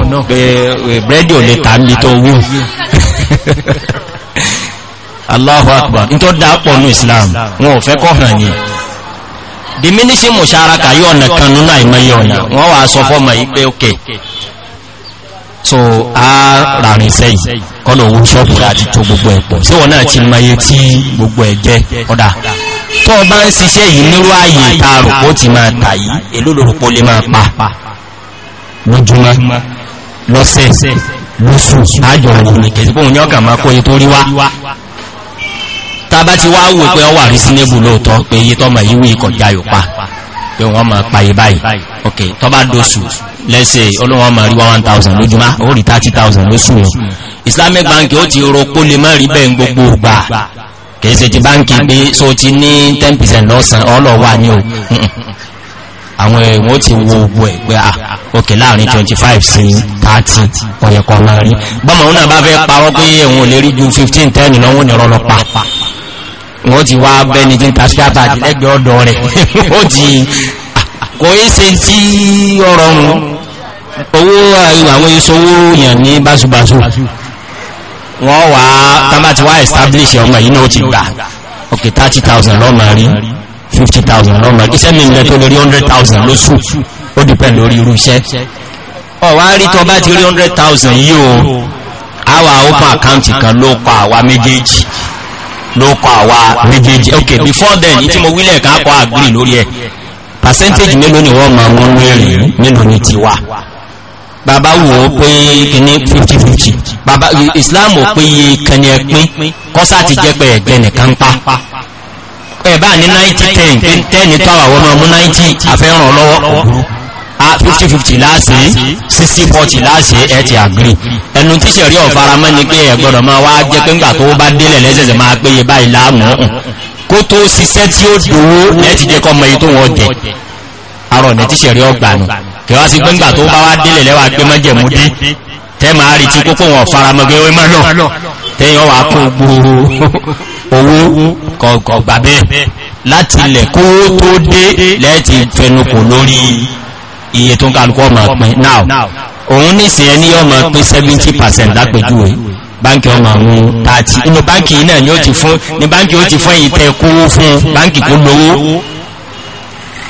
no eh, búrẹ́dì ò lè tà ń tó wù Allahu Akbar nítọ́ dá pọ̀ ní Islam wọn ò fẹ́ kọ́ hàn ní diminishing musharaka yóò ọ̀nà kan nínú àìmọye ọ̀nà wọ́n wà sọ fọ́mọ̀ yìí pé ókè so a ràrin sẹ́yìn kọ́nà owó ṣọ́pù láti tó gbogbo ẹ̀pọ̀ sí wọn náà ti mọye tí gbogbo ẹ̀ jẹ́ ọ̀dà tó o bá ń ṣiṣẹ́ yìí nírú ààyè ta rògbò ti máa tà yìí èló lòròpó lè máa pa lójúmọ́ lọ́sẹ̀ lóṣù àjọ òun nìkẹ́sí bóun ní ọkàn máa kóye tó rí wá tàbá ti wá wò pé ọ wà rí sínébù lóòtọ́ pé iye tọ́mọ̀ yíwú ikọ̀ pa pé wọ́n ma pa yí báyìí ok tọ́bá dóṣù lẹ́sẹ̀ olóhun ma rí 1000 lójúmá ó rí 30,000 lóṣù rẹ̀ islamic bank ó ti ro kó lè gbogbo gbà kèése ti báńkì so ti ní 10% lọ́sàn ọlọ́ wà ní o àwọn èèwọ̀n ti wo ogbò ẹ̀ pé à ah, òkè láàrin 25 sí 30 ọ̀yẹ̀kọ̀ máa rí bọ́mọ̀ òun náà bá fẹ́ parọ́ pé òun ò lè rí wọ́n ti wá bẹ́ni tí ń ta skápà àti lẹ́gbẹ̀ẹ́ ọ̀dọ̀ rẹ̀ ó ti kò é se tí ọ̀rọ̀ rùn owó àwọn ìṣòwò yàn ní báṣubàṣu wọ́n wà tánbà ti wá establish ọmọ yìí náà ti gbà ok 30,000 lọ́mà rí 50,000 lọ́mà rí iṣẹ́ mi ń lẹ tó lórí 100,000 lóṣù ó dìpẹ́ lórí irú iṣẹ́ ọ̀wá rí tọ́ bá ti rí 100,000 yìí o àwa open account kan ló pa àwa méjèèjì ló kọ àwa méjèèjì ok before then tí mo wílẹ̀ ká kọ́ àgbìrì lórí ẹ̀ percentage mélòó ni wọ́n máa mú rìnrìn mélòó ni tiwa bàbá wò ó pé kíní fifty. 50 bàbá Islam ò pé iye kan ni ẹ pín kọ́sà ti jẹ́ pé ẹ̀gbẹ́ nìkan pa ẹ̀ bá ní 90-10 pé ní tọ́ àwọn ọmọ mú 90 àfẹ́ràn lọ́wọ́ kò a 50 last year, 60-40 láàṣẹ́ ẹ ti agree ẹnu tí ṣẹ̀rí ọ̀fara mọ́ ni pé ẹgbọ́dọ̀ máa wá jẹ́ pé ńgbà tó bá délẹ̀ lẹ́sẹ̀sẹ̀ máa péye báyìí láàmú kó tó ṣiṣẹ́ tí ó dòwó lẹ́ti jẹ́ kọ́ mọ èyí tó wọ́n jẹ arọ̀ ní tí ṣẹ̀rí ọgbà nù kẹwàá sí pé ńgbà tó bá wá délẹ̀ lẹ́wà gbé mọ́jẹ̀mú dé tẹ́ máa rí ti kókó wọn fara mọ́ gẹ́wẹ́ mọ́ náà tẹ́yìn ọwà kó gbòòrò owó kọ̀ọ̀gbà bẹ́ẹ̀ láti ilẹ̀ kó tó dé lẹ́ẹ̀tì fẹnukò lórí iye tó kálukọ́ ọmọ pín now òun nìsìn ẹni ọmọ pín 70% lápẹjúwe báńkì ọmọ àwọn tààtì inú báńkì náà ni ó ti fún ní báńkì ó ti fún èyí tẹ kówó fún báńkì kó lówó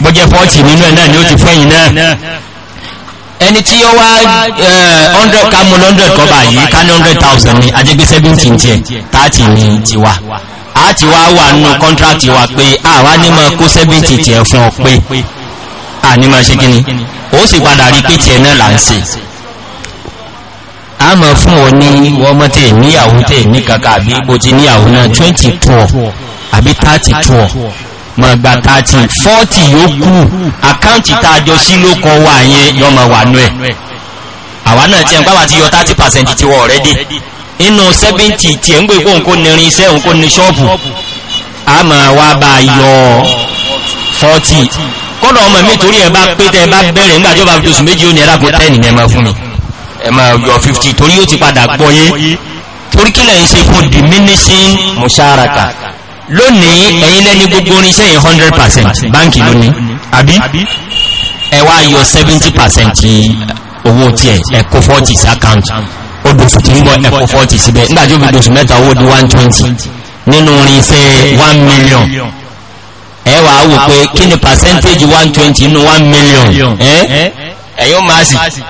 bọ́jẹ́ 40 nínú ẹ̀ náà ni ó ti fún èyí náà ẹni tí ó wá hundred ká hundred kọ́ báyìí ká hundred thousand ni ajẹ́gbé seventy tiẹ̀ thirty ni tiwa a ti wá wà nínú contract wa pé àwa ní mọ̀ kó seventy tiẹ̀ fún ọ pé àní máa ṣe kíni ó sì padà rí pé tiẹ̀ náà là ń ṣe a máa fún ọ ní wọ́n mọ́ tẹ̀ níyàwó tẹ̀ ní kàkà àbí bó ti níyàwó náà twenty two àbí thirty two mọ̀ gba thirty forty yòókù àkáǹtì tá a jọ sí ló kọ wá yẹn yọ mọ̀ wà nú ẹ̀ àwa náà tiẹ̀ ń pàwà ti yọ thirty percent ti wọ ọ̀rẹ́dì inú seventy tiẹ̀ ń gbé kóhùn kó nirin iṣẹ́ òun kó ní ṣọ́ọ̀bù a máa wá bá yọ forty kọ́dọ̀ ọmọ mi torí ẹ bá pé tẹ bá bẹ̀rẹ̀ nígbà jọba fi oṣù méjì ó ní ẹ̀rá kó tẹ́ẹ̀nì ẹ máa fún mi ẹ yọ 50 torí ó ti padà gbọ́ torí kílẹ̀ ń ṣe fún diminishing musharaka lónìí ẹ̀yin lẹ́ni gbogbo oníṣẹ́ yìí 100% báńkì lónìí àbí ẹ wá yọ 70% owó tiẹ̀ ẹ kó 40 account ó dùn fún tìǹbọ̀ ẹ kó 40 síbẹ̀ nígbà jọba fi oṣù mẹ́ta owó di 120 nínú orin 1 million ẹ wà á wò pé kí ni percentage 120 inú 1 million ẹ̀yọ́ máa sì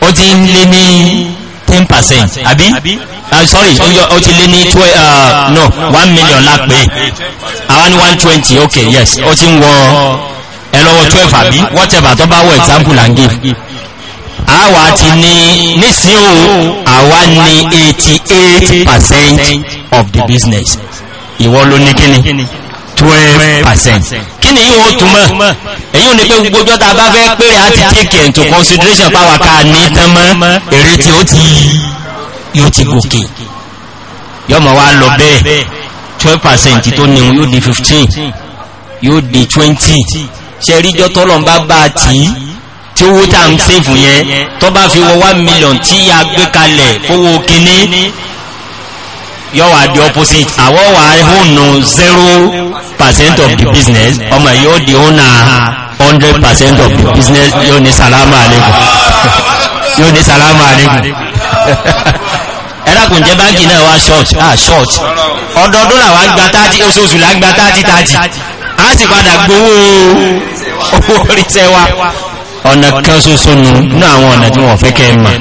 ó ti lé ní 10% àbí ah, sorry ó ti lé ní ah, no 1 million lápé àwọn 120 ok yes ó ti ń wọ ẹlọ́wọ́ 12 àbí whatever tó bá wọ example and give àwà ti ní nísí o àwa ní 88% of the business ìwọ ló ní kíni 12% kí ni yíò túnmọ̀ èyí ò ní pé gbogbo ọjọ́ ta bá fẹ́ pé a take into consideration power ká ní tán mọ́ èrè tí ó ti yóò ti gòkè yọmọ wa lọ bẹ́ẹ̀ percent. tó ní yóò di fifteen, yóò di twenty. ṣe ríjọ́ tọ́lọ̀ bá bá tí tí owó tá ń sèfù yẹn tó bá fi wọ 1 million tí a gbé kalẹ̀ fowó kìíní You are the opposite who knows zero percent of the business you the owner hundred percent of the business yóò ní salama alaikum yóò ní salama alaikum ẹ̀dàkùn jẹ báńkì náà wá short ah short ọdọọdún làwà gba 30 oṣooṣù lágbà 30 30 a sì padà gbowó owó orí tẹwa ọ̀nà kan ṣoṣo nù ní àwọn ọ̀nà tí wọ́n fẹ́ kẹ́ mọ̀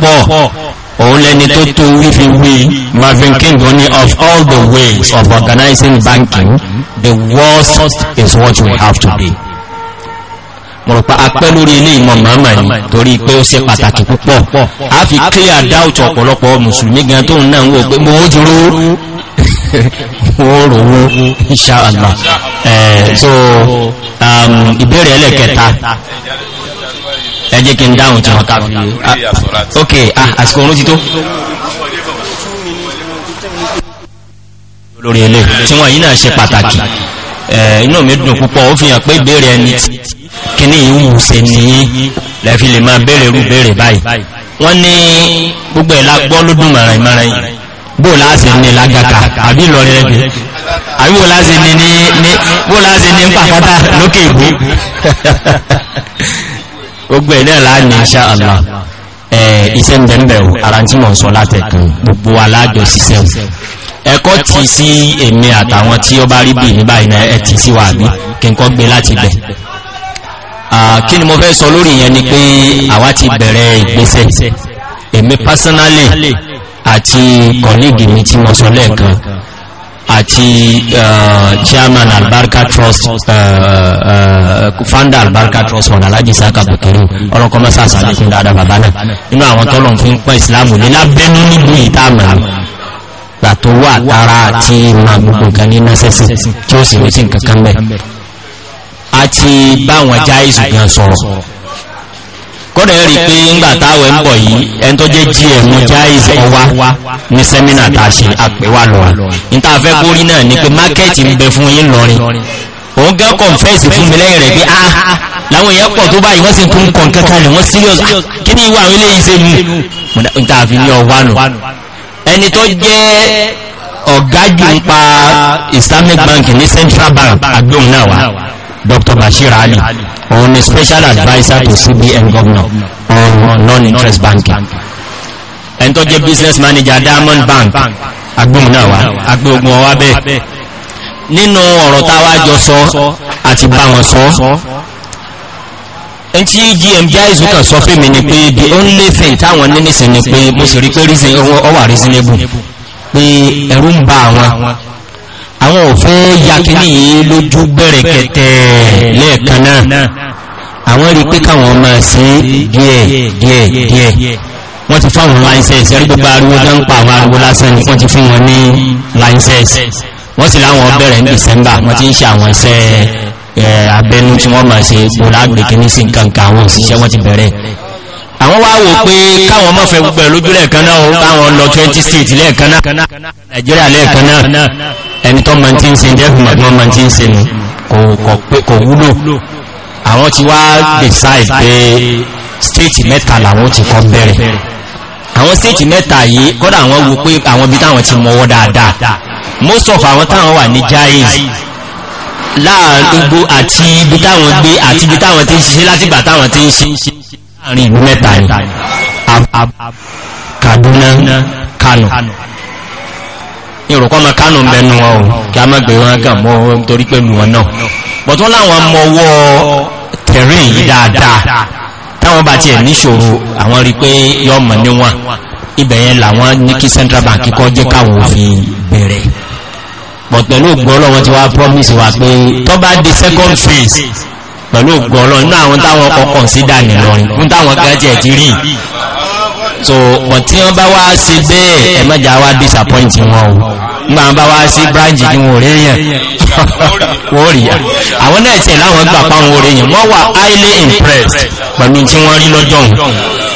wọ́n pọ̀ òun lẹni tó tó wífi wí Marvin King ní of all the ways of organizing banking the worst is what we have to be mọ̀rọ̀pá apẹ́ lórí ilé ìmọ̀ màmá ni torí pé ó ṣe pàtàkì púpọ̀ a fi clear doubt ọ̀pọ̀lọpọ̀ mùsùlùmí gan tó náà ń wò pé mo ó dúró wọ́n rọ̀wọ́ insha Allah eh, so um, ìbéèrè ẹlẹ́kẹta ẹ jẹ́ kí n dáhùn tí wọ́n ká fi ah, ah, ok ah, àsìkò orun ti tó lórí ilé tí wọ́n yí náà ṣe pàtàkì inú mi dùn púpọ̀ ó fi hàn pé béèrè ẹni tí kíní ìwù se ní lẹ́fi lè máa béèrè rú béèrè báyìí wọ́n ní gbogbo ẹ̀lá gbọ́ ló dùn mọ̀ràn ìmọ̀ràn yìí bó láti ní lágàkà àbí lọ́rẹ̀ ẹgbẹ̀ àbí bó láti ní ní pàkátà lókè ìgbó gbogbo ẹ̀ náà láàrin insha Allah ẹ̀ iṣẹ́ ń bẹ̀rẹ̀ o ara tí mò ń sọ látẹ̀kùn gbogbo alájọ ṣiṣẹ́ o ẹ̀kọ́ ti sí èmi àtàwọn tí ó bá rí bì ní báyìí ẹ̀ ti sí wà ní kí n kọ́ gbé láti bẹ̀ kí ni mo fẹ́ sọ lórí yẹn ni pé àwa ti bẹ̀rẹ̀ ìgbésẹ̀ èmi personally àti kọ̀lígì mi tí mo sọ lẹ́ẹ̀kan àti uh, chairman albarka trust uh, uh, uh founder albarka trust wọn alájí sáka bukiri ọlọ́kọ́ mẹ́sà sàlékún dáadáa bàbá náà nínú àwọn tọ́lọ̀ fún pẹ́ ìsìláàmù nílá bẹ́nu níbi ìtààmà gbàtọ̀ wà tara àti ma gbogbo nǹkan ní násẹ́sì tí ó sì rí sí nǹkan kan bẹ́ẹ̀ àti báwọn jáìsù gan sọ̀rọ̀ kọ́dọ̀ ẹ̀rí pé ńgbà táwẹ̀ ń bọ̀ yìí ẹn tó jẹ́ gm jáìsì ọwá ní sẹ́mínà tàṣe àpẹwà lọ́wọ́ níta fẹ́ kórí náà ni pé mákẹ́ẹ̀tì ń bẹ fún yín lọrin òun gẹ́ kọ̀nfẹ́sì fún mi lẹ́yìn rẹ̀ pé ah láwọn èèyàn pọ̀ tó báyìí wọ́n sì tún kàn kankan lè wọ́n serious ah, kí ni ìwà àwọn eléyìí ṣe mú níta fi ní ọwá nù ẹni tó jẹ́ ọ̀gá ń pa Islamic Bank ní Central Bank àgbóhùn náà wà Dr. Bashir Ali on ni special adviser to CBN governor on non-interest banking ẹni tó jẹ́ business manager Diamond Bank agbóhun náà wá agbóhun ọwá bẹ́ẹ̀ nínú ọ̀rọ̀ táwà jọ sọ àti bá wọn sọ ẹn fún mi ni pé the only thing táwọn nínísìn ni pé mo sì rí pé reason ọwà reasonable pé ẹ̀rù ń bá àwọn àwọn òfẹ́ yakini yìí lójú bẹ̀rẹ̀ kẹtẹ lẹ́ẹ̀kan náà àwọn rí pé káwọn máa sí díẹ̀ díẹ̀ díẹ̀ wọ́n ti fáwọn láìsẹ̀ẹ̀sì ẹ̀rí gbogbo ariwo tó ń pa àwọn ariwo lásán ni wọ́n ti fún wọn ní láìsẹ̀ẹ̀sì wọ́n sì láwọn bẹ̀rẹ̀ ní december wọ́n ti ń ṣe àwọn iṣẹ́ abẹ́nú tí wọ́n máa ṣe bọ́lá àgbègbè ní sí nǹkan kan àwọn òṣìṣẹ́ wọ́n ti bẹ̀rẹ̀ àwọn wá wò pé káwọn mọ́ fẹ́ gbogbo ẹ̀ lójú lẹ́ẹ̀kan náà ó báwọn lọ 20 state lẹ́ẹ̀kan náà nàìjíríà lẹ́ẹ̀kan náà ẹni tó ma ti ń se jẹ́fù mọ̀gbọ́n ma ti ń se nù kò wúlò àwọn ti wá decide pé stéètì mẹ́ta làwọn ti kọ́ bẹ̀rẹ̀ àwọn stéètì mẹ́ta yìí kọ́dà àwọn wo pé àwọn bí táwọn ti mọwọ́ dáadáa most of àwọn táwọn wà ní jaiz láàrúgbó àti ibi táwọn gbé àti ibi táwọn ti ń ṣiṣẹ́ láti gbà táwọn ti ń ṣe láàrin ìlú mẹ́ta ni Kaduna Kano ìrùkọ́ ma kánù mẹ́nu wọn o kí a má gbé wọn gà mọ́ torí pẹ̀lú wọn náà bọ̀tún láwọn mọ́wọ́ tẹ̀rín yìí dáadáa táwọn bá tiẹ̀ níṣòro àwọn rí pé yọ mọ̀ níwọ̀n ibẹ̀yẹn làwọn ní kí central bank kọ́ jẹ́ káwọn òfin bẹ̀rẹ̀ bọ̀ pẹ̀lú ògbọ́ ọlọ́wọ́n ti wá promise wa pé tó bá di second phase pẹ̀lú ògbọ́ ọlọ́run náà àwọn táwọn ọkọ̀ consider nìlọrin fún táwọn gẹ́jẹ̀ ti rí so bọ̀ tí wọ́n bá wá sí bẹ́ẹ̀ ẹ̀mẹ́jà wá disappoint wọn o nígbà bá wá sí branch ní wọ́n rí yẹn wọ́n rí yẹn àwọn náà tẹ̀ láwọn gbà páwọn orí yẹn wọ́n wà highly impressed pẹ̀lú tí wọ́n rí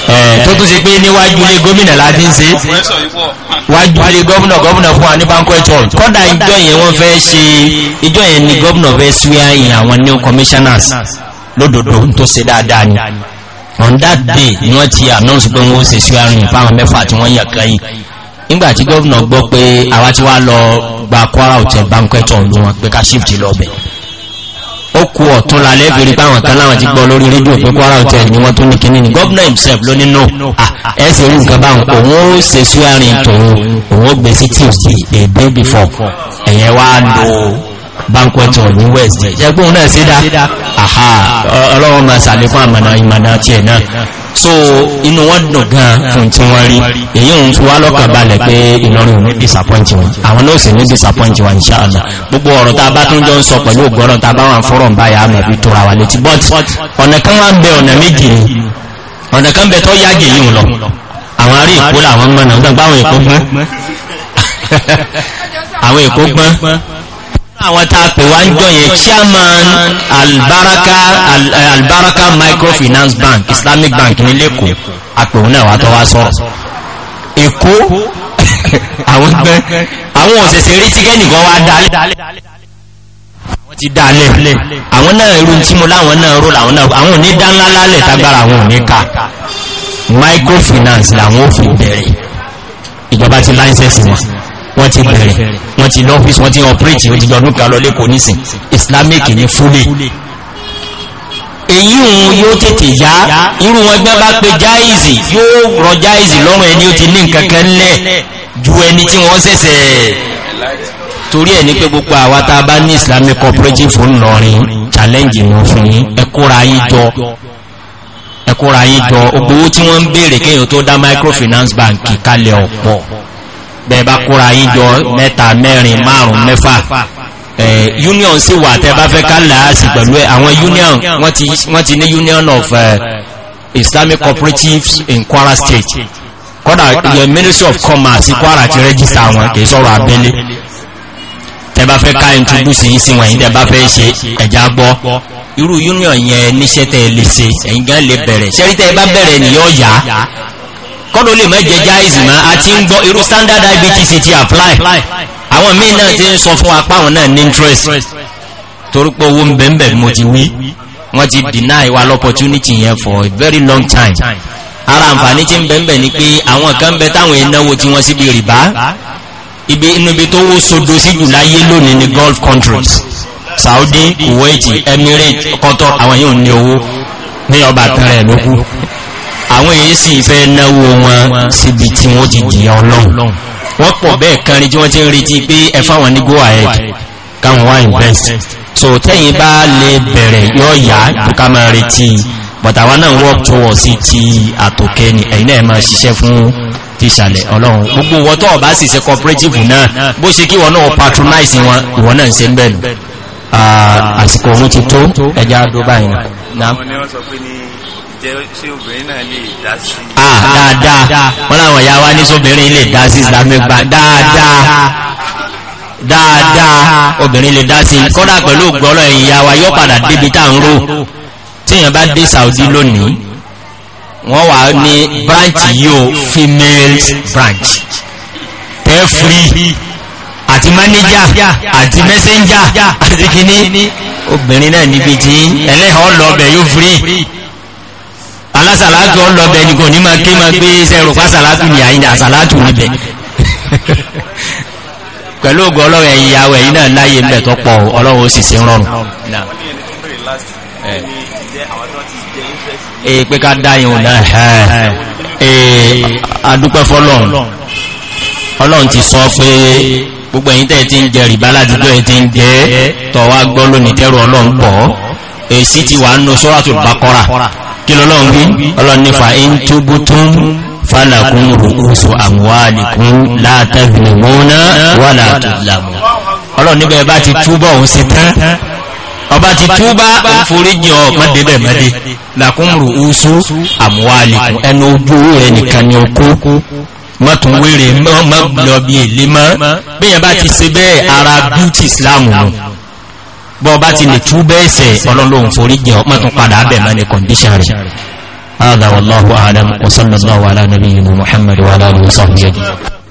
Eh, tó tún ṣe pé níwájú ilé gómìnà láti ń ṣe wájú ilé gómìnà gómìnà fún wa ní banquet hall kọ́dà ìjọ yẹn wọ́n fẹ́ ṣe ìjọ yẹn ni gómìnà fẹ́ swear in àwọn new commissioners lódodo tó ṣe dáadáa ni on that day ni wọ́n ti announce pé wọ́n ṣe swearing fáwọn mẹ́fà tí wọ́n yàn kan yìí nígbàtí gọ́ọ̀nà gbọ́ pé àwa tí wá lọ gba kwara hotel banquet hall ní wọn pé ká shift lọ bẹ̀ ó kú ọ̀tún lálẹ́ fèrè pé àwọn kan láwọn ti gbọ́ lórí rédíò pé kwara hotel ni wọ́n tó ní kíní ni gọ́ọ̀nà himself ló ní no ẹ ṣe nǹkan báwọn òun ó ṣe swearing tòun òun ó gbé sí tuesday a day before ẹ̀yẹn wá lò ó banquet hall ní west náà sí dá àhà ọlọ́run ma sàlékún àmàna ìmàna tí ẹ̀ náà so inú wọn dùn gan fún tí wọ́n rí èyí òun wá lọ́kàn balẹ̀ pé ìlọrin òun disappoint wọn àwọn náà sì ní disappoint wọn insha Allah gbogbo ọ̀rọ̀ tá a bá tún jọ ń sọ pẹ̀lú ògbọ́rọ̀ tá a bá wà ń fọ́rọ̀ ń báyà àmọ̀ ìbí tóra wà létí but ọ̀nà kan wá ń bẹ ọ̀nà méjì ni ọ̀nà kan bẹ tó yáàgì yìí lọ àwọn arí ìkó làwọn mọ̀nà gbọ́n àwọn èkó gbọ́n àwọn èkó gbọ́n àwọn tá a pè wá ń jọ yẹn chairman albaraka eh, albaraka microfinance bank islamic bank ní lẹ́kọ̀ọ́ àpèwọ́n náà wà tó wá sọ̀rọ̀ èkó àwọn gbẹ́ àwọn òṣèṣe rí tí kẹ́nìkan wá dálẹ̀ àwọn ti dálẹ̀ àwọn náà irú tí mo láwọn náà ró làwọn náà àwọn òní dánlá lálẹ̀ tágbára àwọn òní ká microfinance làwọn ò fi bẹ̀rẹ̀ ìjọba ti láńsẹ̀sì wọn wọ́n ti bẹ̀rẹ̀ wọ́n ti lọ́fíìsì wọ́n ti ọ̀pẹ́rẹ́tì ó ti dọ̀dún kan lọ lẹ́kọ̀ọ́ nísìn islamic ní fúlẹ̀ èyí òun yóò tètè yá irú wọn gbẹ́ bá pe jáìzì yóò rọ jáìzì lọ́rùn ẹni ó ti ní nǹkan kan lẹ̀ ju ẹni tí wọ́n ṣẹ̀ṣẹ̀ torí ẹ̀ ní pé gbogbo àwa tá a bá ní islamic cooperative fún Ìlọrin challenge wọn fún yín ẹ kóra yín jọ ẹ kóra yín jọ ògbówó tí wọ́n ń béèrè kéèyàn tó dá microfinance bank kalẹ̀ ọ̀pọ̀ bẹ̀ẹ̀bá kóra yí jọ mẹ́ta mẹ́rin márùn mẹ́fà union sí wà tẹ́bá fẹ́ ká láàásì pẹ̀lú àwọn union wọ́n ti ní union of islamic cooperatives in kwara state kọ́dà the ministry of commerce kwara ti register wọn kìí sọ́rọ̀ abẹ́lé tẹ́bá fẹ́ ká introduce yìí sí wọn yìí tẹ́bá fẹ́ ṣe ẹ̀já gbọ́ irú union yẹn níṣẹ́ tẹ́ lè ṣe ẹ̀yìn gan lè bẹ̀rẹ̀ ṣẹ́rí tẹ́ bá bẹ̀rẹ̀ nìyọ́ yá kọ́dọ̀ lè mẹ́jẹ jáìzì mọ́ àti ń gbọ́ irú standard ibtc ti apply àwọn míì náà ti ń sọ fún apá àwọn náà ní interest torípọ̀ owó ń bẹ̀m̀bẹ̀ mo ti wí wọ́n ti deny wa l'opportunity yẹn for a very long time ara àǹfààní tí ń bẹ̀m̀bẹ̀ ni pé àwọn kan bẹ táwọn ìnáwó tí wọ́n síbi rìbá ibi inú ibi tó wó sodo sí jù láyé lónìí ní gulf countries saudi kuwait emirates qatar àwọn yóò ní owó ní ọba kan rẹ̀ lókù àwọn èyí sì fẹ́ náwó wọn síbi tí wọ́n ti jìyà ọlọ́run wọ́n pọ̀ bẹ́ẹ̀ kan rí tí wọ́n ti ń retí pé ẹfáwọn ní go ahead káwọn wá invest so tẹ́yìn bá lè bẹ̀rẹ̀ yóò yá tó ká máa retí but àwọn náà work towards ti àtòkè ni ẹ̀yìn náà máa ṣiṣẹ́ fún ti ọlọ́run gbogbo wọ́n tó ọ̀bá sì ṣe cooperative náà bó ṣe kí wọ́n náà patronize wọn ìwọ́n náà ń ṣe ń bẹ̀rù ah, àsìkò òun ti tó ẹja àdó báyìí náà jẹ́ ṣé obìnrin náà lè dá ah, ah, dáadáa wọ́n láwọn ìyá wa ní sóbìnrin lè dá sí islamic bank dáadáa dáadáa obìnrin lè dá sí kọ́dà pẹ̀lú gbọ́lọ̀ ìyá wa yóò padà débi tá ń rò tíyàn bá dé Saudi lónìí wọ́n wà ní branch yóò females branch tẹ́ free àti manager àti messenger àti kìíní obìnrin náà níbi tí ẹlẹ́hàn lọ́ọ̀bẹ̀ yóò free alásàlátù ọlọ́bẹ̀ nìkan ní máa ké máa gbé sẹ́rù fásàlátù ní àyíjà àsàlátù níbẹ̀ pẹ̀lú ògùn ọlọ́run ẹ̀yìn ìyàwó ẹ̀yìn náà láyé ń bẹ̀ tó pọ̀ ọlọ́run ó sì sí rọrùn ee pé ká dá ìhùn náà ee adúpẹ́ fọ́lọ́run ọlọ́run ti sọ pé gbogbo ẹ̀yìn tẹ́ ti ń jẹ rìbá ládùúgbò ẹ̀ ti ń jẹ tọ́wá gbọ́ lónìí tẹ́rù ọlọ́run pọ̀ èsì ti wà nù sọ́ràtù bákọ́rà kí lọ́lọ́run bí ọlọ́ni fa in túbútún àmúwàlìkún látàbìlìmọ́nà wà látàbìlìmọ́ ọlọ́run níbẹ̀ bá ti túbọ̀ òun sí tán ọba ti túbá òforíjì ọmọdébẹ̀ mẹ́dé làkún rúkúsù àmúwàlìkún ẹnu ojú owó ni ó kó mọ́ bọ́ bá ti lè tú bẹ́ẹ̀sẹ̀ ọlọ́lọ́hun forí jẹ́ ọmọ tún padà abẹ̀ mọ́ ní kọndíṣàn rẹ̀ هذا والله أعلم وصلى الله على نبينا محمد وعلى